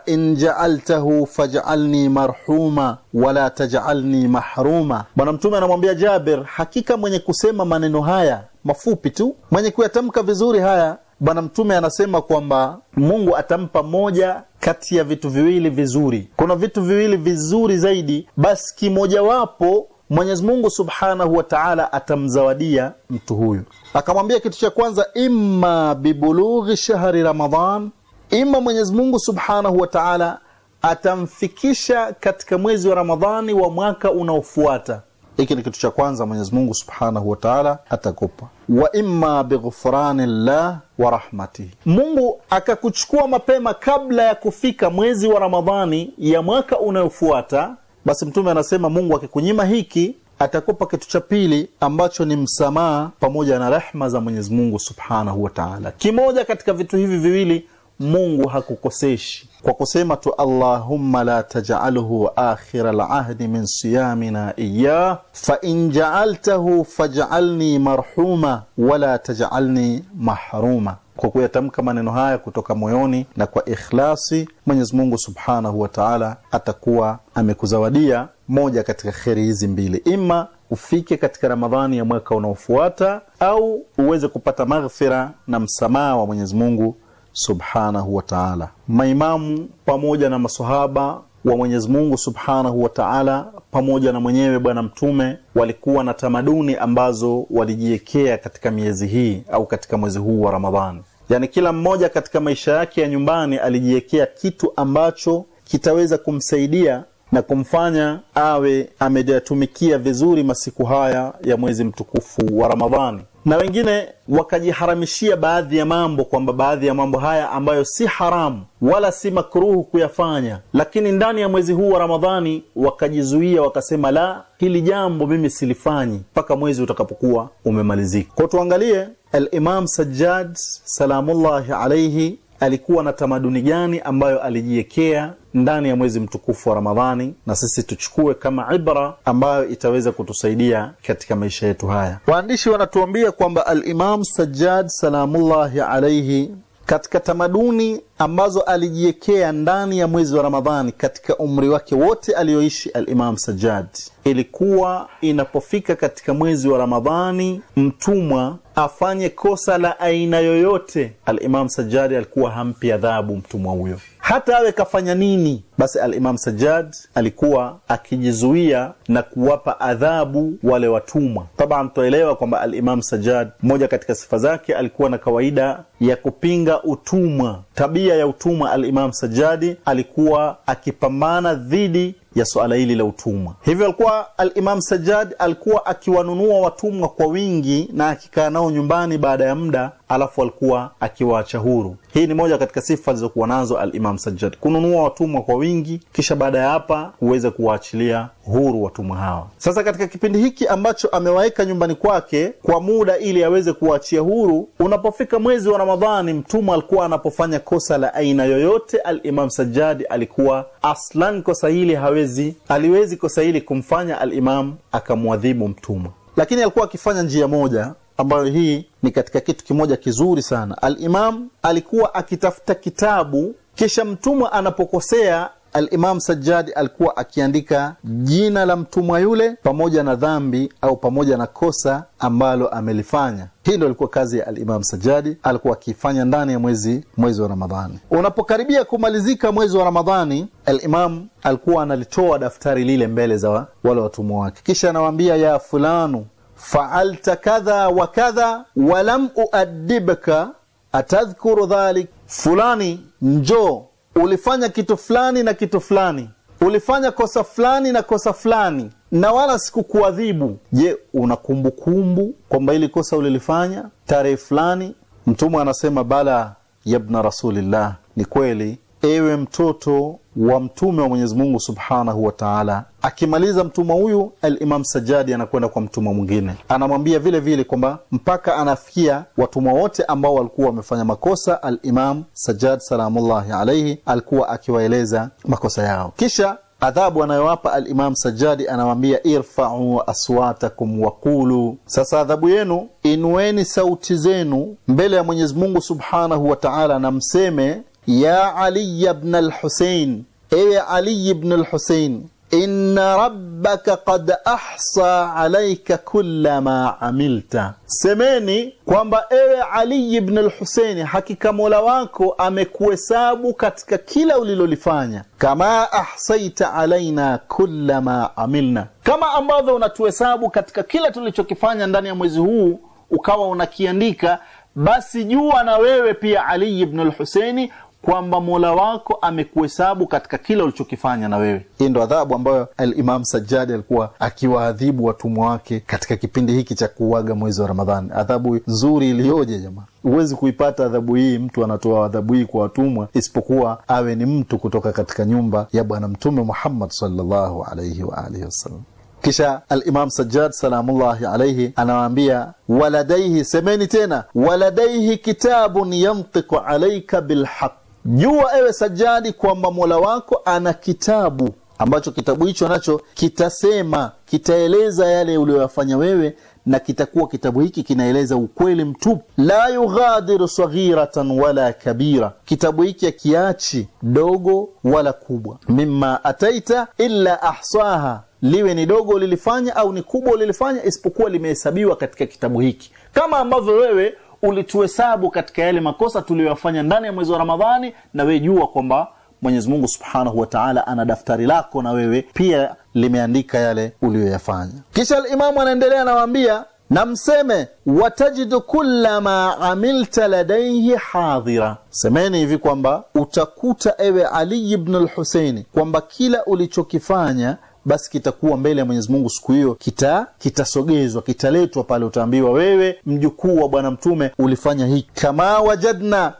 in jaaltahu fajalni marhuma wala tajalni mahruma. Bwana Mtume anamwambia Jabir, hakika mwenye kusema maneno haya mafupi tu, mwenye kuyatamka vizuri haya, Bwana Mtume anasema kwamba Mungu atampa moja kati ya vitu viwili vizuri. Kuna vitu viwili vizuri zaidi, basi kimojawapo Mwenyezi Mungu subhanahu wa taala atamzawadia mtu huyu. Akamwambia kitu cha kwanza, imma bibulughi shahri ramadhan ima Mwenyezi Mungu Subhanahu wa Ta'ala atamfikisha katika mwezi wa Ramadhani wa mwaka unaofuata. Hiki ni kitu cha kwanza Mwenyezi Mungu Subhanahu wa Ta'ala atakupa. Wa imma bighufrani llah wa rahmatihi, Mungu akakuchukua mapema kabla ya kufika mwezi wa Ramadhani ya mwaka unayofuata. Basi Mtume anasema Mungu akikunyima hiki atakupa kitu cha pili ambacho ni msamaha pamoja na rehma za Mwenyezi Mungu Subhanahu wa Ta'ala. Kimoja katika vitu hivi viwili Mungu hakukoseshi kwa kusema tu allahumma la tajalhu akhira lahdi min siyamina iyah fain jaaltahu fajalni marhuma wala tajalni mahruma. Kwa kuyatamka maneno haya kutoka moyoni na kwa ikhlasi, Mwenyezi Mungu subhanahu wa taala atakuwa amekuzawadia moja katika kheri hizi mbili, ima ufike katika Ramadhani ya mwaka unaofuata au uweze kupata maghfira na msamaha wa Mwenyezi Mungu subhanahu wa taala. Maimamu pamoja na masahaba wa Mwenyezi Mungu subhanahu wa taala pamoja na mwenyewe Bwana Mtume walikuwa na tamaduni ambazo walijiwekea katika miezi hii au katika mwezi huu wa Ramadhani. Yaani, kila mmoja katika maisha yake ya nyumbani alijiwekea kitu ambacho kitaweza kumsaidia na kumfanya awe amejatumikia vizuri masiku haya ya mwezi mtukufu wa Ramadhani na wengine wakajiharamishia baadhi ya mambo, kwamba baadhi ya mambo haya ambayo si haramu wala si makruhu kuyafanya, lakini ndani ya mwezi huu wa Ramadhani wakajizuia, wakasema la, hili jambo mimi silifanyi mpaka mwezi utakapokuwa umemalizika. Kwa tuangalie Al-Imam Sajjad salamullahi alayhi alikuwa na tamaduni gani ambayo alijiekea ndani ya mwezi mtukufu wa Ramadhani, na sisi tuchukue kama ibra ambayo itaweza kutusaidia katika maisha yetu haya. Waandishi wanatuambia kwamba Alimam Sajjad salamullahi alaihi katika tamaduni ambazo alijiwekea ndani ya mwezi wa Ramadhani katika umri wake wote aliyoishi Al-Imam Sajjad. Ilikuwa inapofika katika mwezi wa Ramadhani, mtumwa afanye kosa la aina yoyote, Al-Imam Sajjad alikuwa hampi adhabu mtumwa huyo, hata awe kafanya nini. Basi Al-Imam Sajjad alikuwa akijizuia na kuwapa adhabu wale watumwa. Taban, tuelewa kwamba Al-Imam Sajjad, moja katika sifa zake, alikuwa na kawaida ya kupinga utumwa, tabia kadhia ya utumwa, alimamu sajadi alikuwa akipambana dhidi ya swala hili la utumwa. Hivyo alikuwa al-Imam Sajjad alikuwa akiwanunua watumwa kwa wingi na akikaa nao nyumbani baada ya muda, alafu alikuwa akiwaacha huru. Hii ni moja katika sifa alizokuwa nazo al-Imam Sajjad, kununua watumwa kwa wingi, kisha baada ya hapa huweze kuwaachilia huru watumwa hawa. Sasa katika kipindi hiki ambacho amewaweka nyumbani kwake kwa muda ili aweze kuwaachia huru, unapofika mwezi wa Ramadhani, mtumwa alikuwa anapofanya kosa la aina yoyote, al-Imam Sajjad alikuwa aslan kosa hili hawezi aliwezi kosa hili kumfanya alimamu akamwadhibu mtumwa, lakini alikuwa akifanya njia moja ambayo hii ni katika kitu kimoja kizuri sana. Alimamu alikuwa akitafuta kitabu, kisha mtumwa anapokosea alimam sajadi alikuwa akiandika jina la mtumwa yule pamoja na dhambi au pamoja na kosa ambalo amelifanya. Hii ndo alikuwa kazi ya Alimamu sajadi Sajjadi, alikuwa akifanya ndani ya mwezi mwezi wa Ramadhani. Unapokaribia kumalizika mwezi wa Ramadhani, alimamu alikuwa analitoa daftari lile mbele za wale watumwa wake, kisha anawaambia ya fulanu faalta kadha wa kadha walam uaddibka atadhkuru dhalik, fulani njoo ulifanya kitu fulani na kitu fulani, ulifanya kosa fulani na kosa fulani, na wala sikukuadhibu. Je, una kumbukumbu kwamba ili kosa ulilifanya tarehe fulani? Mtume anasema bala yabna rasulillah, ni kweli ewe mtoto wa mtume wa Mwenyezi Mungu Subhanahu wa Ta'ala. Akimaliza mtumwa huyu, al-Imam Sajjadi anakwenda kwa mtumwa mwingine, anamwambia vile vile kwamba mpaka anafikia watumwa wote ambao walikuwa wamefanya makosa. Al-Imam Sajjad salamullahi alayhi alikuwa akiwaeleza makosa yao, kisha adhabu anayowapa al-Imam Sajjadi anawaambia, irfa'u aswatakum wa qulu, sasa adhabu yenu, inueni sauti zenu mbele ya Mwenyezi Mungu Subhanahu wa Ta'ala na mseme ya Ali ibn al-Husayn, ewe Ali ibn al-Husayn, inna rabbaka qad ahsa alaika kulla ma amilta, semeni kwamba ewe Ali ibn al-Husaini, hakika mola wako amekuhesabu katika kila ulilolifanya. Kama ahsaita alaina kulla ma amilna, kama ambavyo unatuhesabu katika kila tulichokifanya ndani ya mwezi huu ukawa unakiandika basi jua na wewe pia Ali ibn al-Husaini kwamba Mola wako amekuhesabu katika kila ulichokifanya na wewe. Hii ndo adhabu ambayo Alimam sajadi alikuwa akiwaadhibu watumwa wake katika kipindi hiki cha kuuaga mwezi wa Ramadhani. Adhabu nzuri iliyoje jamaa! Huwezi kuipata adhabu hii, mtu anatoa adhabu hii kwa watumwa isipokuwa awe ni mtu kutoka katika nyumba ya Bwana Mtume Muhammad sallallahu alaihi wa alihi wasallam. Kisha Alimam Sajjad salamullahi alaihi anawaambia waladaihi, semeni tena, waladaihi kitabun yantiku alaika bilhaq jua ewe Sajadi kwamba Mola wako ana kitabu ambacho kitabu hicho nacho kitasema, kitaeleza yale uliyoyafanya wewe, na kitakuwa kitabu hiki kinaeleza ukweli mtupu. La yughadiru saghiratan wala kabira, kitabu hiki akiachi dogo wala kubwa. Mimma ataita illa ahsaha, liwe ni dogo ulilifanya au ni kubwa ulilifanya isipokuwa limehesabiwa katika kitabu hiki, kama ambavyo wewe ulituhesabu katika yale makosa tuliyoyafanya ndani ya mwezi wa Ramadhani, na wewe jua kwamba Mwenyezi Mungu Subhanahu wa Ta'ala ana daftari lako na wewe pia limeandika yale uliyoyafanya. Kisha al-Imamu anaendelea anawaambia, na mseme watajidu kulla ma amilta ladaihi hadhira, semeni hivi kwamba utakuta ewe Ali ibn al-Husaini kwamba kila ulichokifanya basi kitakuwa mbele ya Mwenyezi Mungu siku hiyo, kita kitasogezwa, kitaletwa pale, utaambiwa wewe, mjukuu wa Bwana Mtume, ulifanya hiki. Kama wajadna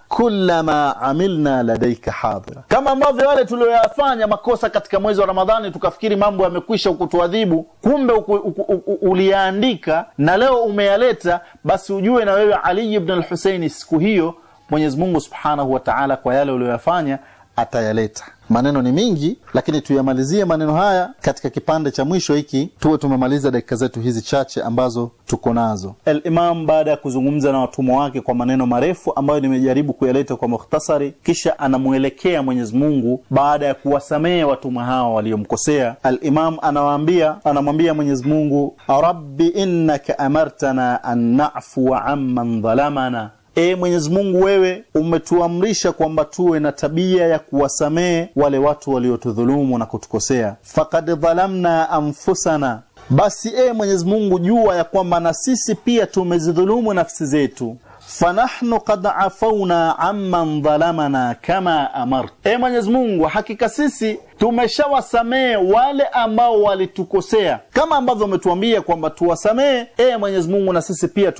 ma amilna ladaika hadhira, kama ambavyo wale tulioyafanya makosa katika mwezi wa Ramadhani tukafikiri mambo yamekwisha, ukutuadhibu, kumbe uliyaandika na leo umeyaleta, basi ujue na wewe Ali ibn al siku hiyo Mwenyezi Mungu subhanahu wataala kwa yale uliyoyafanya atayaleta. Maneno ni mingi, lakini tuyamalizie maneno haya katika kipande cha mwisho hiki, tuwe tumemaliza dakika zetu hizi chache ambazo tuko nazo. Al-Imam baada ya kuzungumza na watumwa wake kwa maneno marefu ambayo nimejaribu kuyaleta kwa mukhtasari, kisha anamwelekea Mwenyezi Mungu baada ya kuwasamehe watumwa hao waliomkosea. Al-Imam anawaambia, anamwambia Mwenyezi Mungu, rabbi innaka amartana an na'fu amman dhalamana e Mwenyezi Mungu, wewe umetuamrisha kwamba tuwe na tabia ya kuwasamehe wale watu waliotudhulumu na kutukosea. Fakad dhalamna anfusana, basi e Mwenyezi Mungu, jua ya kwamba na sisi pia tumezidhulumu nafsi zetu fanahnu kad afauna amman dhalamana kama amart, e Mwenyezi Mungu, hakika sisi tumeshawasamehe wale ambao walitukosea, kama ambavyo wametuambia kwamba tuwasamehe, ee Mwenyezi Mungu, na sisi pia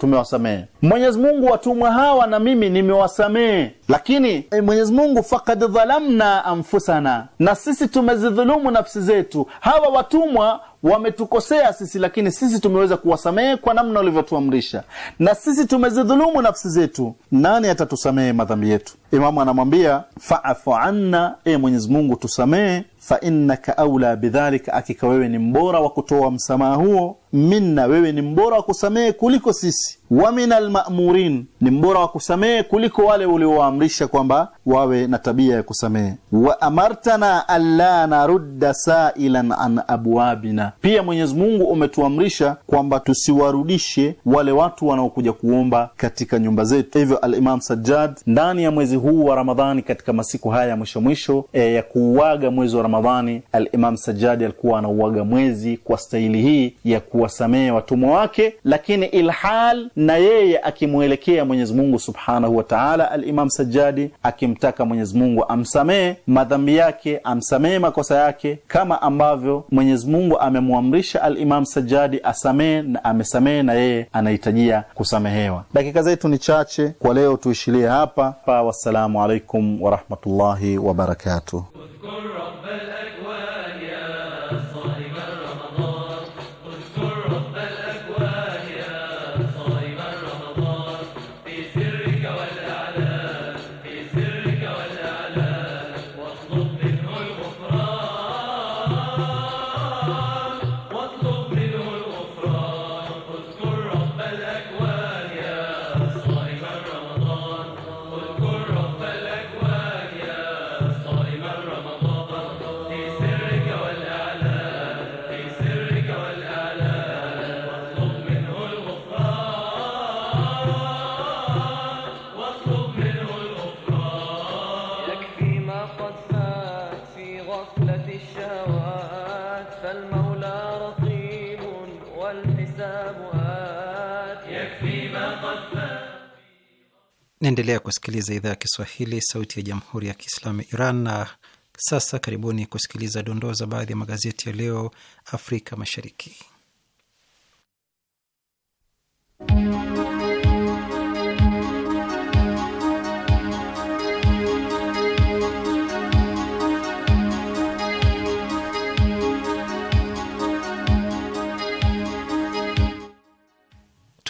tumewasamehe. Mwenyezi Mungu, watumwa hawa na mimi nimewasamehe, lakini e Mwenyezi Mungu, fakad dhalamna anfusana, na sisi tumezidhulumu nafsi zetu. Hawa watumwa wametukosea sisi, lakini sisi tumeweza kuwasamehe kwa namna ulivyotuamrisha, na sisi tumezidhulumu nafsi zetu. Nani atatusamehe madhambi yetu? Imamu anamwambia faafu anna, e Mwenyezi Mungu tusamehe também. fa innaka aula bidhalika, akika wewe ni mbora wa kutoa msamaha huo, minna, wewe ni mbora wa kusamehe kuliko sisi, wa min almamurin, ni mbora wa kusamehe kuliko wale uliowaamrisha kwamba wawe na tabia ya kusamehe. Wa amartana alla narudda sailan an abwabina, pia Mwenyezi Mungu umetuamrisha kwamba tusiwarudishe wale watu wanaokuja kuomba katika nyumba zetu. Hivyo Alimam Sajjad ndani ya mwezi huu wa Ramadhani, katika masiku haya ya mwisho mwisho e, ya kuuaga mwezi wa Ramadhani, Alimam Sajadi alikuwa anauaga mwezi kwa staili hii ya kuwasamehe watumwa wake, lakini ilhal na yeye akimwelekea Mwenyezi Mungu subhanahu wa taala, Alimam sajadi akimtaka Mwenyezi Mungu amsamehe madhambi yake, amsamehe makosa yake, kama ambavyo Mwenyezi Mungu amemwamrisha Alimam sajadi asamehe na amesamehe, na yeye anahitajia kusamehewa. Dakika zetu ni chache kwa leo, tuishilie hapa. Wassalamu alaikum warahmatullahi wabarakatuh. اذكر رب الأكوان Naendelea kusikiliza idhaa ya Kiswahili, sauti ya jamhuri ya kiislamu Iran. Na sasa karibuni kusikiliza dondoo za baadhi ya magazeti ya leo Afrika Mashariki.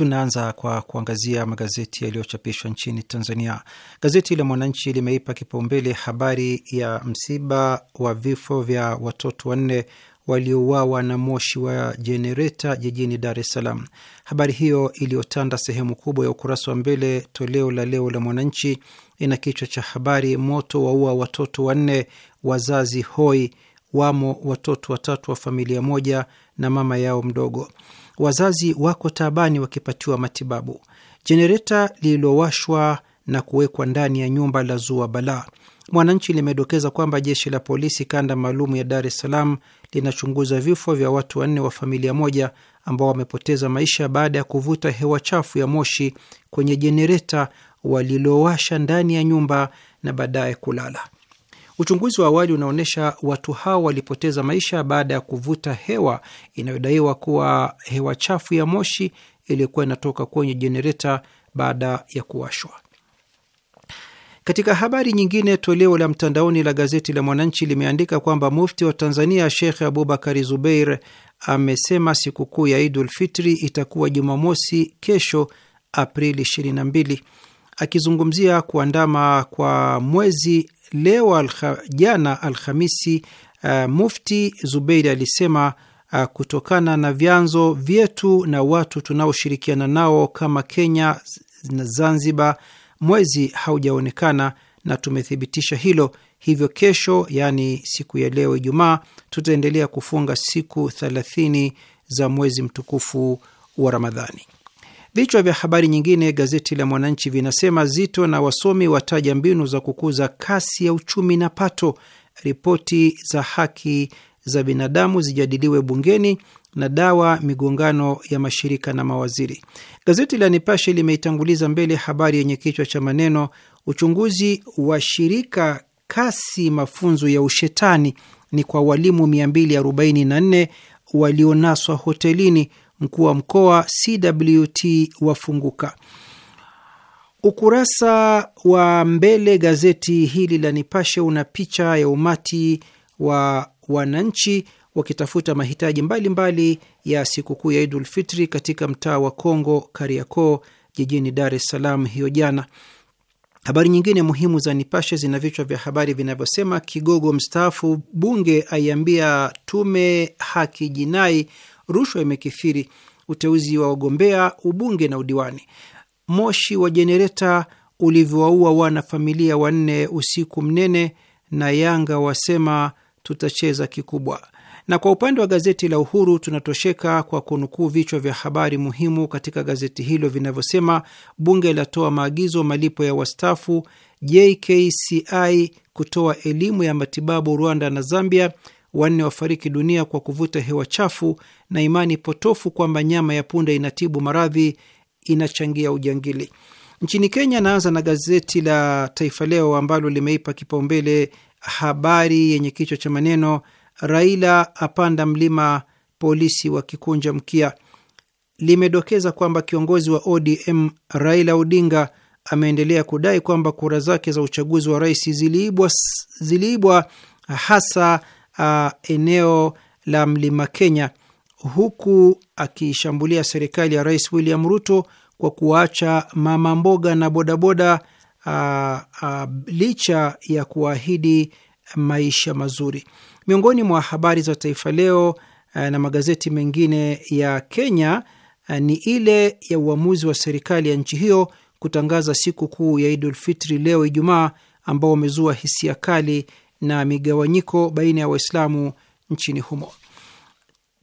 Tunaanza kwa kuangazia magazeti yaliyochapishwa nchini Tanzania. Gazeti la Mwananchi limeipa kipaumbele habari ya msiba wa vifo vya watoto wanne waliouawa na moshi wa jenereta jijini Dar es Salaam. Habari hiyo iliyotanda sehemu kubwa ya ukurasa wa mbele toleo la leo la Mwananchi ina kichwa cha habari, moto waua watoto wanne, wazazi hoi, wamo watoto watatu wa familia moja na mama yao mdogo wazazi wako taabani wakipatiwa matibabu. Jenereta lililowashwa na kuwekwa ndani ya nyumba la zua balaa. Mwananchi limedokeza kwamba jeshi la polisi kanda maalum ya Dar es Salaam linachunguza vifo vya watu wanne wa familia moja ambao wamepoteza maisha baada ya kuvuta hewa chafu ya moshi kwenye jenereta walilowasha ndani ya nyumba na baadaye kulala. Uchunguzi wa awali unaonyesha watu hao walipoteza maisha baada ya kuvuta hewa inayodaiwa kuwa hewa chafu ya moshi iliyokuwa inatoka kwenye jenereta baada ya kuwashwa. Katika habari nyingine, toleo la mtandaoni la gazeti la Mwananchi limeandika kwamba mufti wa Tanzania Sheikh Abubakari Zubeir amesema sikukuu ya Idul Fitri itakuwa Jumamosi kesho Aprili 22. Akizungumzia kuandama kwa mwezi leo alha, jana Alhamisi uh, Mufti Zubeiri alisema uh, kutokana na vyanzo vyetu na watu tunaoshirikiana nao kama Kenya na Zanzibar, mwezi haujaonekana na tumethibitisha hilo. Hivyo kesho, yaani siku ya leo Ijumaa, tutaendelea kufunga siku thelathini za mwezi mtukufu wa Ramadhani. Vichwa vya habari nyingine gazeti la Mwananchi vinasema Zito na wasomi wataja mbinu za kukuza kasi ya uchumi na pato, ripoti za haki za binadamu zijadiliwe bungeni na dawa migongano ya mashirika na mawaziri. Gazeti la Nipashe limeitanguliza mbele habari yenye kichwa cha maneno uchunguzi wa shirika kasi mafunzo ya ushetani ni kwa walimu 244 walionaswa hotelini mkuu wa mkoa CWT wafunguka. Ukurasa wa mbele gazeti hili la Nipashe una picha ya umati wa wananchi wakitafuta mahitaji mbalimbali mbali ya sikukuu ya Idul Fitri katika mtaa wa Kongo Kariakoo jijini Dar es Salaam hiyo jana. Habari nyingine muhimu za Nipashe zina vichwa vya habari vinavyosema: Kigogo mstaafu bunge aiambia tume haki jinai rushwa imekithiri: uteuzi wa wagombea ubunge na udiwani. Moshi wa jenereta ulivyowaua wanafamilia wanne usiku mnene, na Yanga wasema tutacheza kikubwa. Na kwa upande wa gazeti la Uhuru tunatosheka kwa kunukuu vichwa vya habari muhimu katika gazeti hilo vinavyosema: bunge latoa maagizo malipo ya wastaafu, JKCI kutoa elimu ya matibabu Rwanda na Zambia, wanne wafariki dunia kwa kuvuta hewa chafu na imani potofu kwamba nyama ya punda inatibu maradhi inachangia ujangili. Nchini Kenya, naanza na gazeti la Taifa Leo ambalo limeipa kipaumbele habari yenye kichwa cha maneno Raila apanda mlima polisi wa kikunja mkia. Limedokeza kwamba kiongozi wa ODM Raila Odinga ameendelea kudai kwamba kura zake za uchaguzi wa rais ziliibwa, ziliibwa hasa uh, eneo la mlima Kenya, huku akishambulia serikali ya Rais William Ruto kwa kuwaacha mama mboga na bodaboda uh, uh, licha ya kuahidi maisha mazuri. Miongoni mwa habari za Taifa Leo uh, na magazeti mengine ya Kenya uh, ni ile ya uamuzi wa serikali ya nchi hiyo kutangaza siku kuu ya Idul Fitri leo Ijumaa, ambao wamezua hisia kali na migawanyiko baina ya Waislamu nchini humo.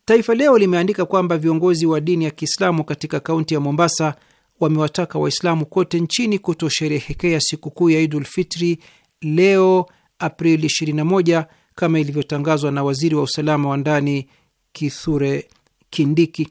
Taifa Leo limeandika kwamba viongozi wa dini ya Kiislamu katika kaunti ya Mombasa wamewataka Waislamu kote nchini kutosherehekea sikukuu ya Idul Fitri leo Aprili 21 kama ilivyotangazwa na waziri wa usalama wa ndani Kithure Kindiki.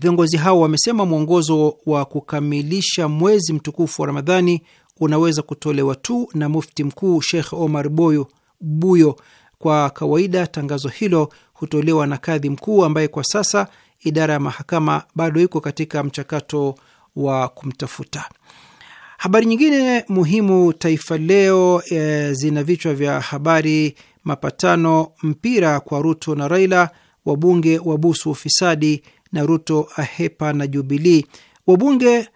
Viongozi hao wamesema mwongozo wa kukamilisha mwezi mtukufu wa Ramadhani unaweza kutolewa tu na mufti mkuu Sheikh Omar Boyo, Buyo. Kwa kawaida tangazo hilo hutolewa na kadhi mkuu ambaye kwa sasa idara ya mahakama bado iko katika mchakato wa kumtafuta. Habari nyingine muhimu Taifa Leo e, zina vichwa vya habari: mapatano mpira kwa Ruto na Raila, wabunge wabusu ufisadi, na Ruto ahepa na Jubilii, wabunge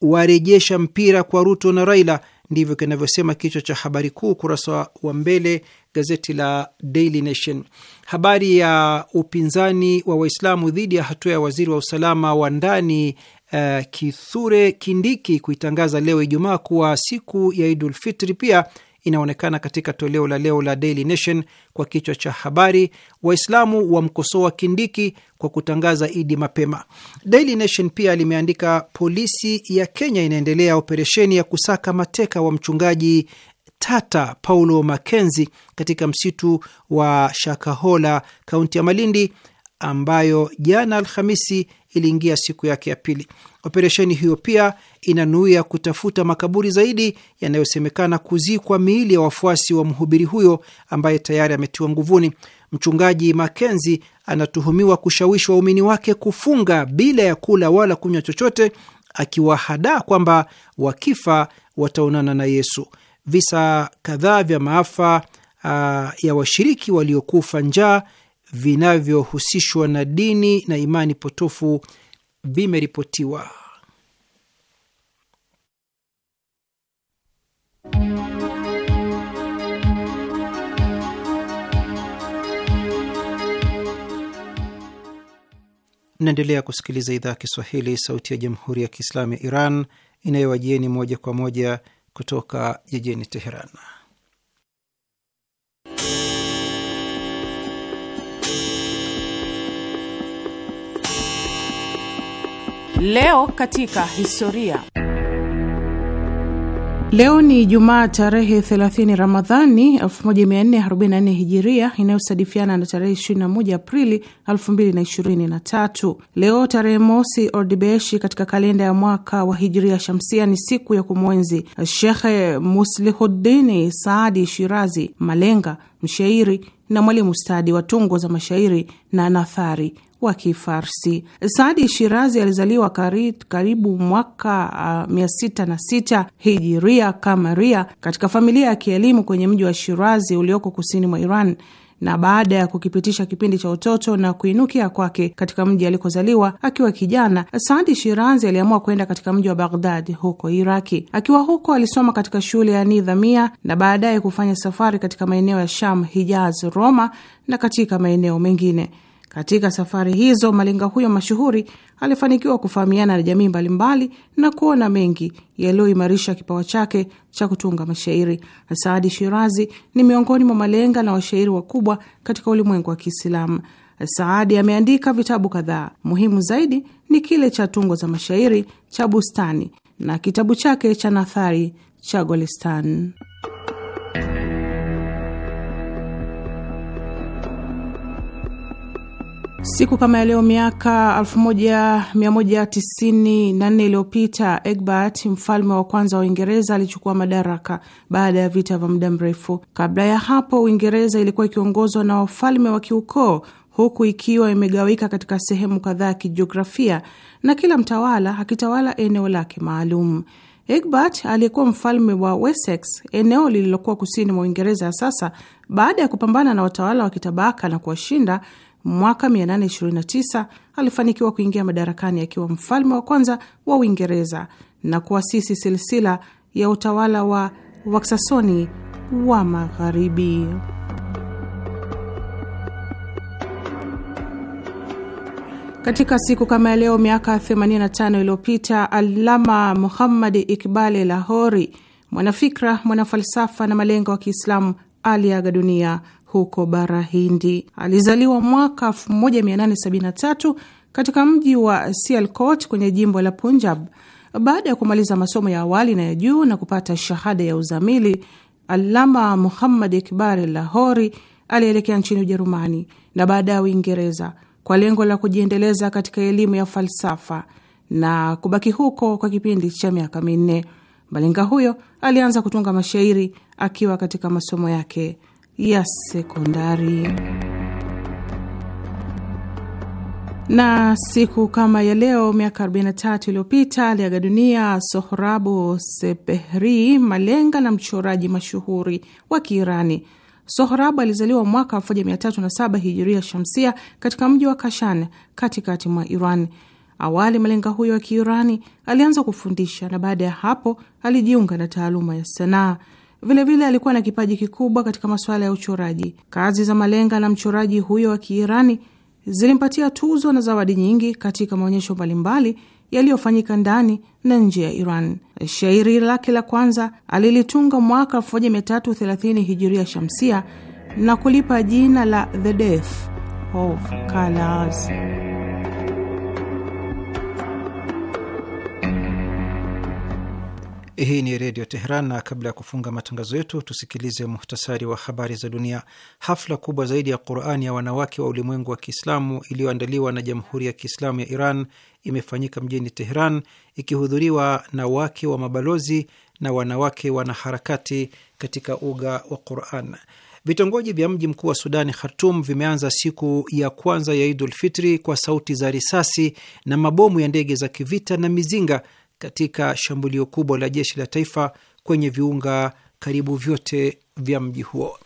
warejesha mpira kwa Ruto na Raila, ndivyo kinavyosema kichwa cha habari kuu ukurasa wa mbele gazeti la Daily Nation. Habari ya upinzani wa Waislamu dhidi ya hatua ya waziri wa usalama wa ndani uh, Kithure Kindiki kuitangaza leo Ijumaa kuwa siku ya Idul Fitri pia inaonekana katika toleo la leo la Daily Nation kwa kichwa cha habari, Waislamu wamkosoa Kindiki kwa kutangaza Idi mapema. Daily Nation pia limeandika polisi ya Kenya inaendelea operesheni ya kusaka mateka wa mchungaji tata Paulo Makenzi katika msitu wa Shakahola, kaunti ya Malindi, ambayo jana Alhamisi iliingia siku yake ya pili. Operesheni hiyo pia inanuia kutafuta makaburi zaidi yanayosemekana kuzikwa miili ya wafuasi wa mhubiri huyo ambaye tayari ametiwa nguvuni. Mchungaji Makenzi anatuhumiwa kushawishi waumini wake kufunga bila ya kula wala kunywa chochote, akiwahadaa kwamba wakifa wataonana na Yesu. Visa kadhaa vya maafa uh, ya washiriki waliokufa njaa vinavyohusishwa na dini na imani potofu vimeripotiwa. Naendelea kusikiliza idhaa ya Kiswahili, sauti ya jamhuri ya kiislamu ya Iran inayowajieni moja kwa moja kutoka jijini Teheran. Leo katika historia. Leo ni Jumaa tarehe 30 Ramadhani 1444 Hijiria, inayosadifiana na tarehe 21 Aprili 2023. Leo tarehe mosi Ordibeshi katika kalenda ya mwaka wa Hijiria Shamsia ni siku ya kumwenzi Shekhe Muslihuddini Saadi Shirazi Malenga, mshairi na mwalimu stadi wa tungo za mashairi na nathari wa Kifarsi. Saadi Shirazi alizaliwa karibu mwaka uh, sita hijiria kamaria katika familia ya kielimu kwenye mji wa Shirazi ulioko kusini mwa Iran na baada ya kukipitisha kipindi cha utoto na kuinukia kwake katika mji alikozaliwa akiwa kijana, Saadi Shirazi aliamua kwenda katika mji wa Baghdad huko Iraki. Akiwa huko alisoma katika shule ya nidhamia na baadaye kufanya safari katika maeneo ya Sham, Hijaz, Roma na katika maeneo mengine. Katika safari hizo malenga huyo mashuhuri alifanikiwa kufahamiana na jamii mbalimbali na kuona mengi yaliyoimarisha kipawa chake cha kutunga mashairi. Saadi Shirazi ni miongoni mwa malenga na washairi wakubwa katika ulimwengu wa Kiislamu. Saadi ameandika vitabu kadhaa, muhimu zaidi ni kile cha tungo za mashairi cha Bustani na kitabu chake cha nathari cha Golestan. Siku kama ya leo miaka 1194 iliyopita Egbert mfalme wa kwanza wa Uingereza alichukua madaraka baada ya vita vya muda mrefu. Kabla ya hapo, Uingereza ilikuwa ikiongozwa na wafalme wa kiukoo, huku ikiwa imegawika katika sehemu kadhaa ya kijiografia na kila mtawala akitawala eneo lake maalum. Egbert aliyekuwa mfalme wa Wessex, eneo lililokuwa kusini mwa Uingereza ya sasa, baada ya kupambana na watawala wa kitabaka na kuwashinda mwaka 829 alifanikiwa kuingia madarakani akiwa mfalme wa kwanza wa Uingereza na kuasisi silsila ya utawala wa Waksasoni wa Magharibi. Katika siku kama leo miaka 85 iliyopita Alama Muhammad Ikbali Lahori, mwanafikra, mwanafalsafa na malengo wa Kiislamu aliaga dunia huko bara Hindi. Alizaliwa mwaka 1873 katika mji wa Sialkot kwenye jimbo la Punjab. Baada ya kumaliza masomo ya awali na ya juu na kupata shahada ya uzamili, Alama Muhammad Ikbar Lahori alielekea nchini Ujerumani na baadaye Uingereza kwa lengo la kujiendeleza katika elimu ya falsafa na kubaki huko kwa kipindi cha miaka minne. Malenga huyo alianza kutunga mashairi akiwa katika masomo yake ya sekondari. Na siku kama ya leo miaka 43 iliyopita aliaga dunia Sohrabu Sepehri, malenga na mchoraji mashuhuri wa Kiirani. Sohrabu alizaliwa mwaka 1307 hijiria shamsia katika mji wa Kashan katikati mwa Iran. Awali malenga huyo wa Kiirani alianza kufundisha na baada ya hapo alijiunga na taaluma ya sanaa. Vilevile vile alikuwa na kipaji kikubwa katika masuala ya uchoraji. Kazi za malenga na mchoraji huyo wa Kiirani zilimpatia tuzo na zawadi nyingi katika maonyesho mbalimbali yaliyofanyika ndani na nje ya Iran. Shairi lake la kwanza alilitunga mwaka 1330 hijiria shamsia na kulipa jina la The Death of Colors. Hii ni Redio Teheran, na kabla ya kufunga matangazo yetu tusikilize muhtasari wa habari za dunia. Hafla kubwa zaidi ya Qurani ya wanawake wa ulimwengu wa Kiislamu iliyoandaliwa na Jamhuri ya Kiislamu ya Iran imefanyika mjini Teheran, ikihudhuriwa na wake wa mabalozi na wanawake wanaharakati katika uga wa Quran. Vitongoji vya mji mkuu wa Sudani, Khartum, vimeanza siku ya kwanza ya Idul Fitri kwa sauti za risasi na mabomu ya ndege za kivita na mizinga katika shambulio kubwa la jeshi la taifa kwenye viunga karibu vyote vya mji huo.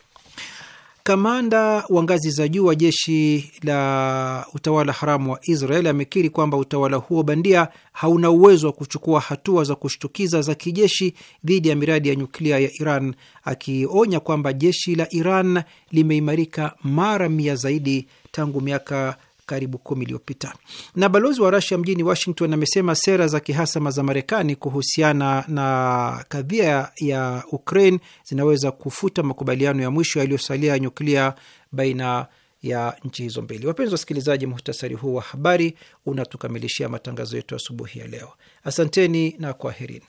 Kamanda wa ngazi za juu wa jeshi la utawala haramu wa Israel amekiri kwamba utawala huo bandia hauna uwezo wa kuchukua hatua za kushtukiza za kijeshi dhidi ya miradi ya nyuklia ya Iran, akionya kwamba jeshi la Iran limeimarika mara mia zaidi tangu miaka karibu kumi iliyopita. Na balozi wa Rasia mjini Washington amesema sera za kihasama za Marekani kuhusiana na kadhia ya Ukraine zinaweza kufuta makubaliano ya mwisho yaliyosalia ya nyuklia baina ya nchi hizo mbili. Wapenzi wasikilizaji, muhtasari huu wa habari unatukamilishia matangazo yetu asubuhi ya leo. Asanteni na kwaherini.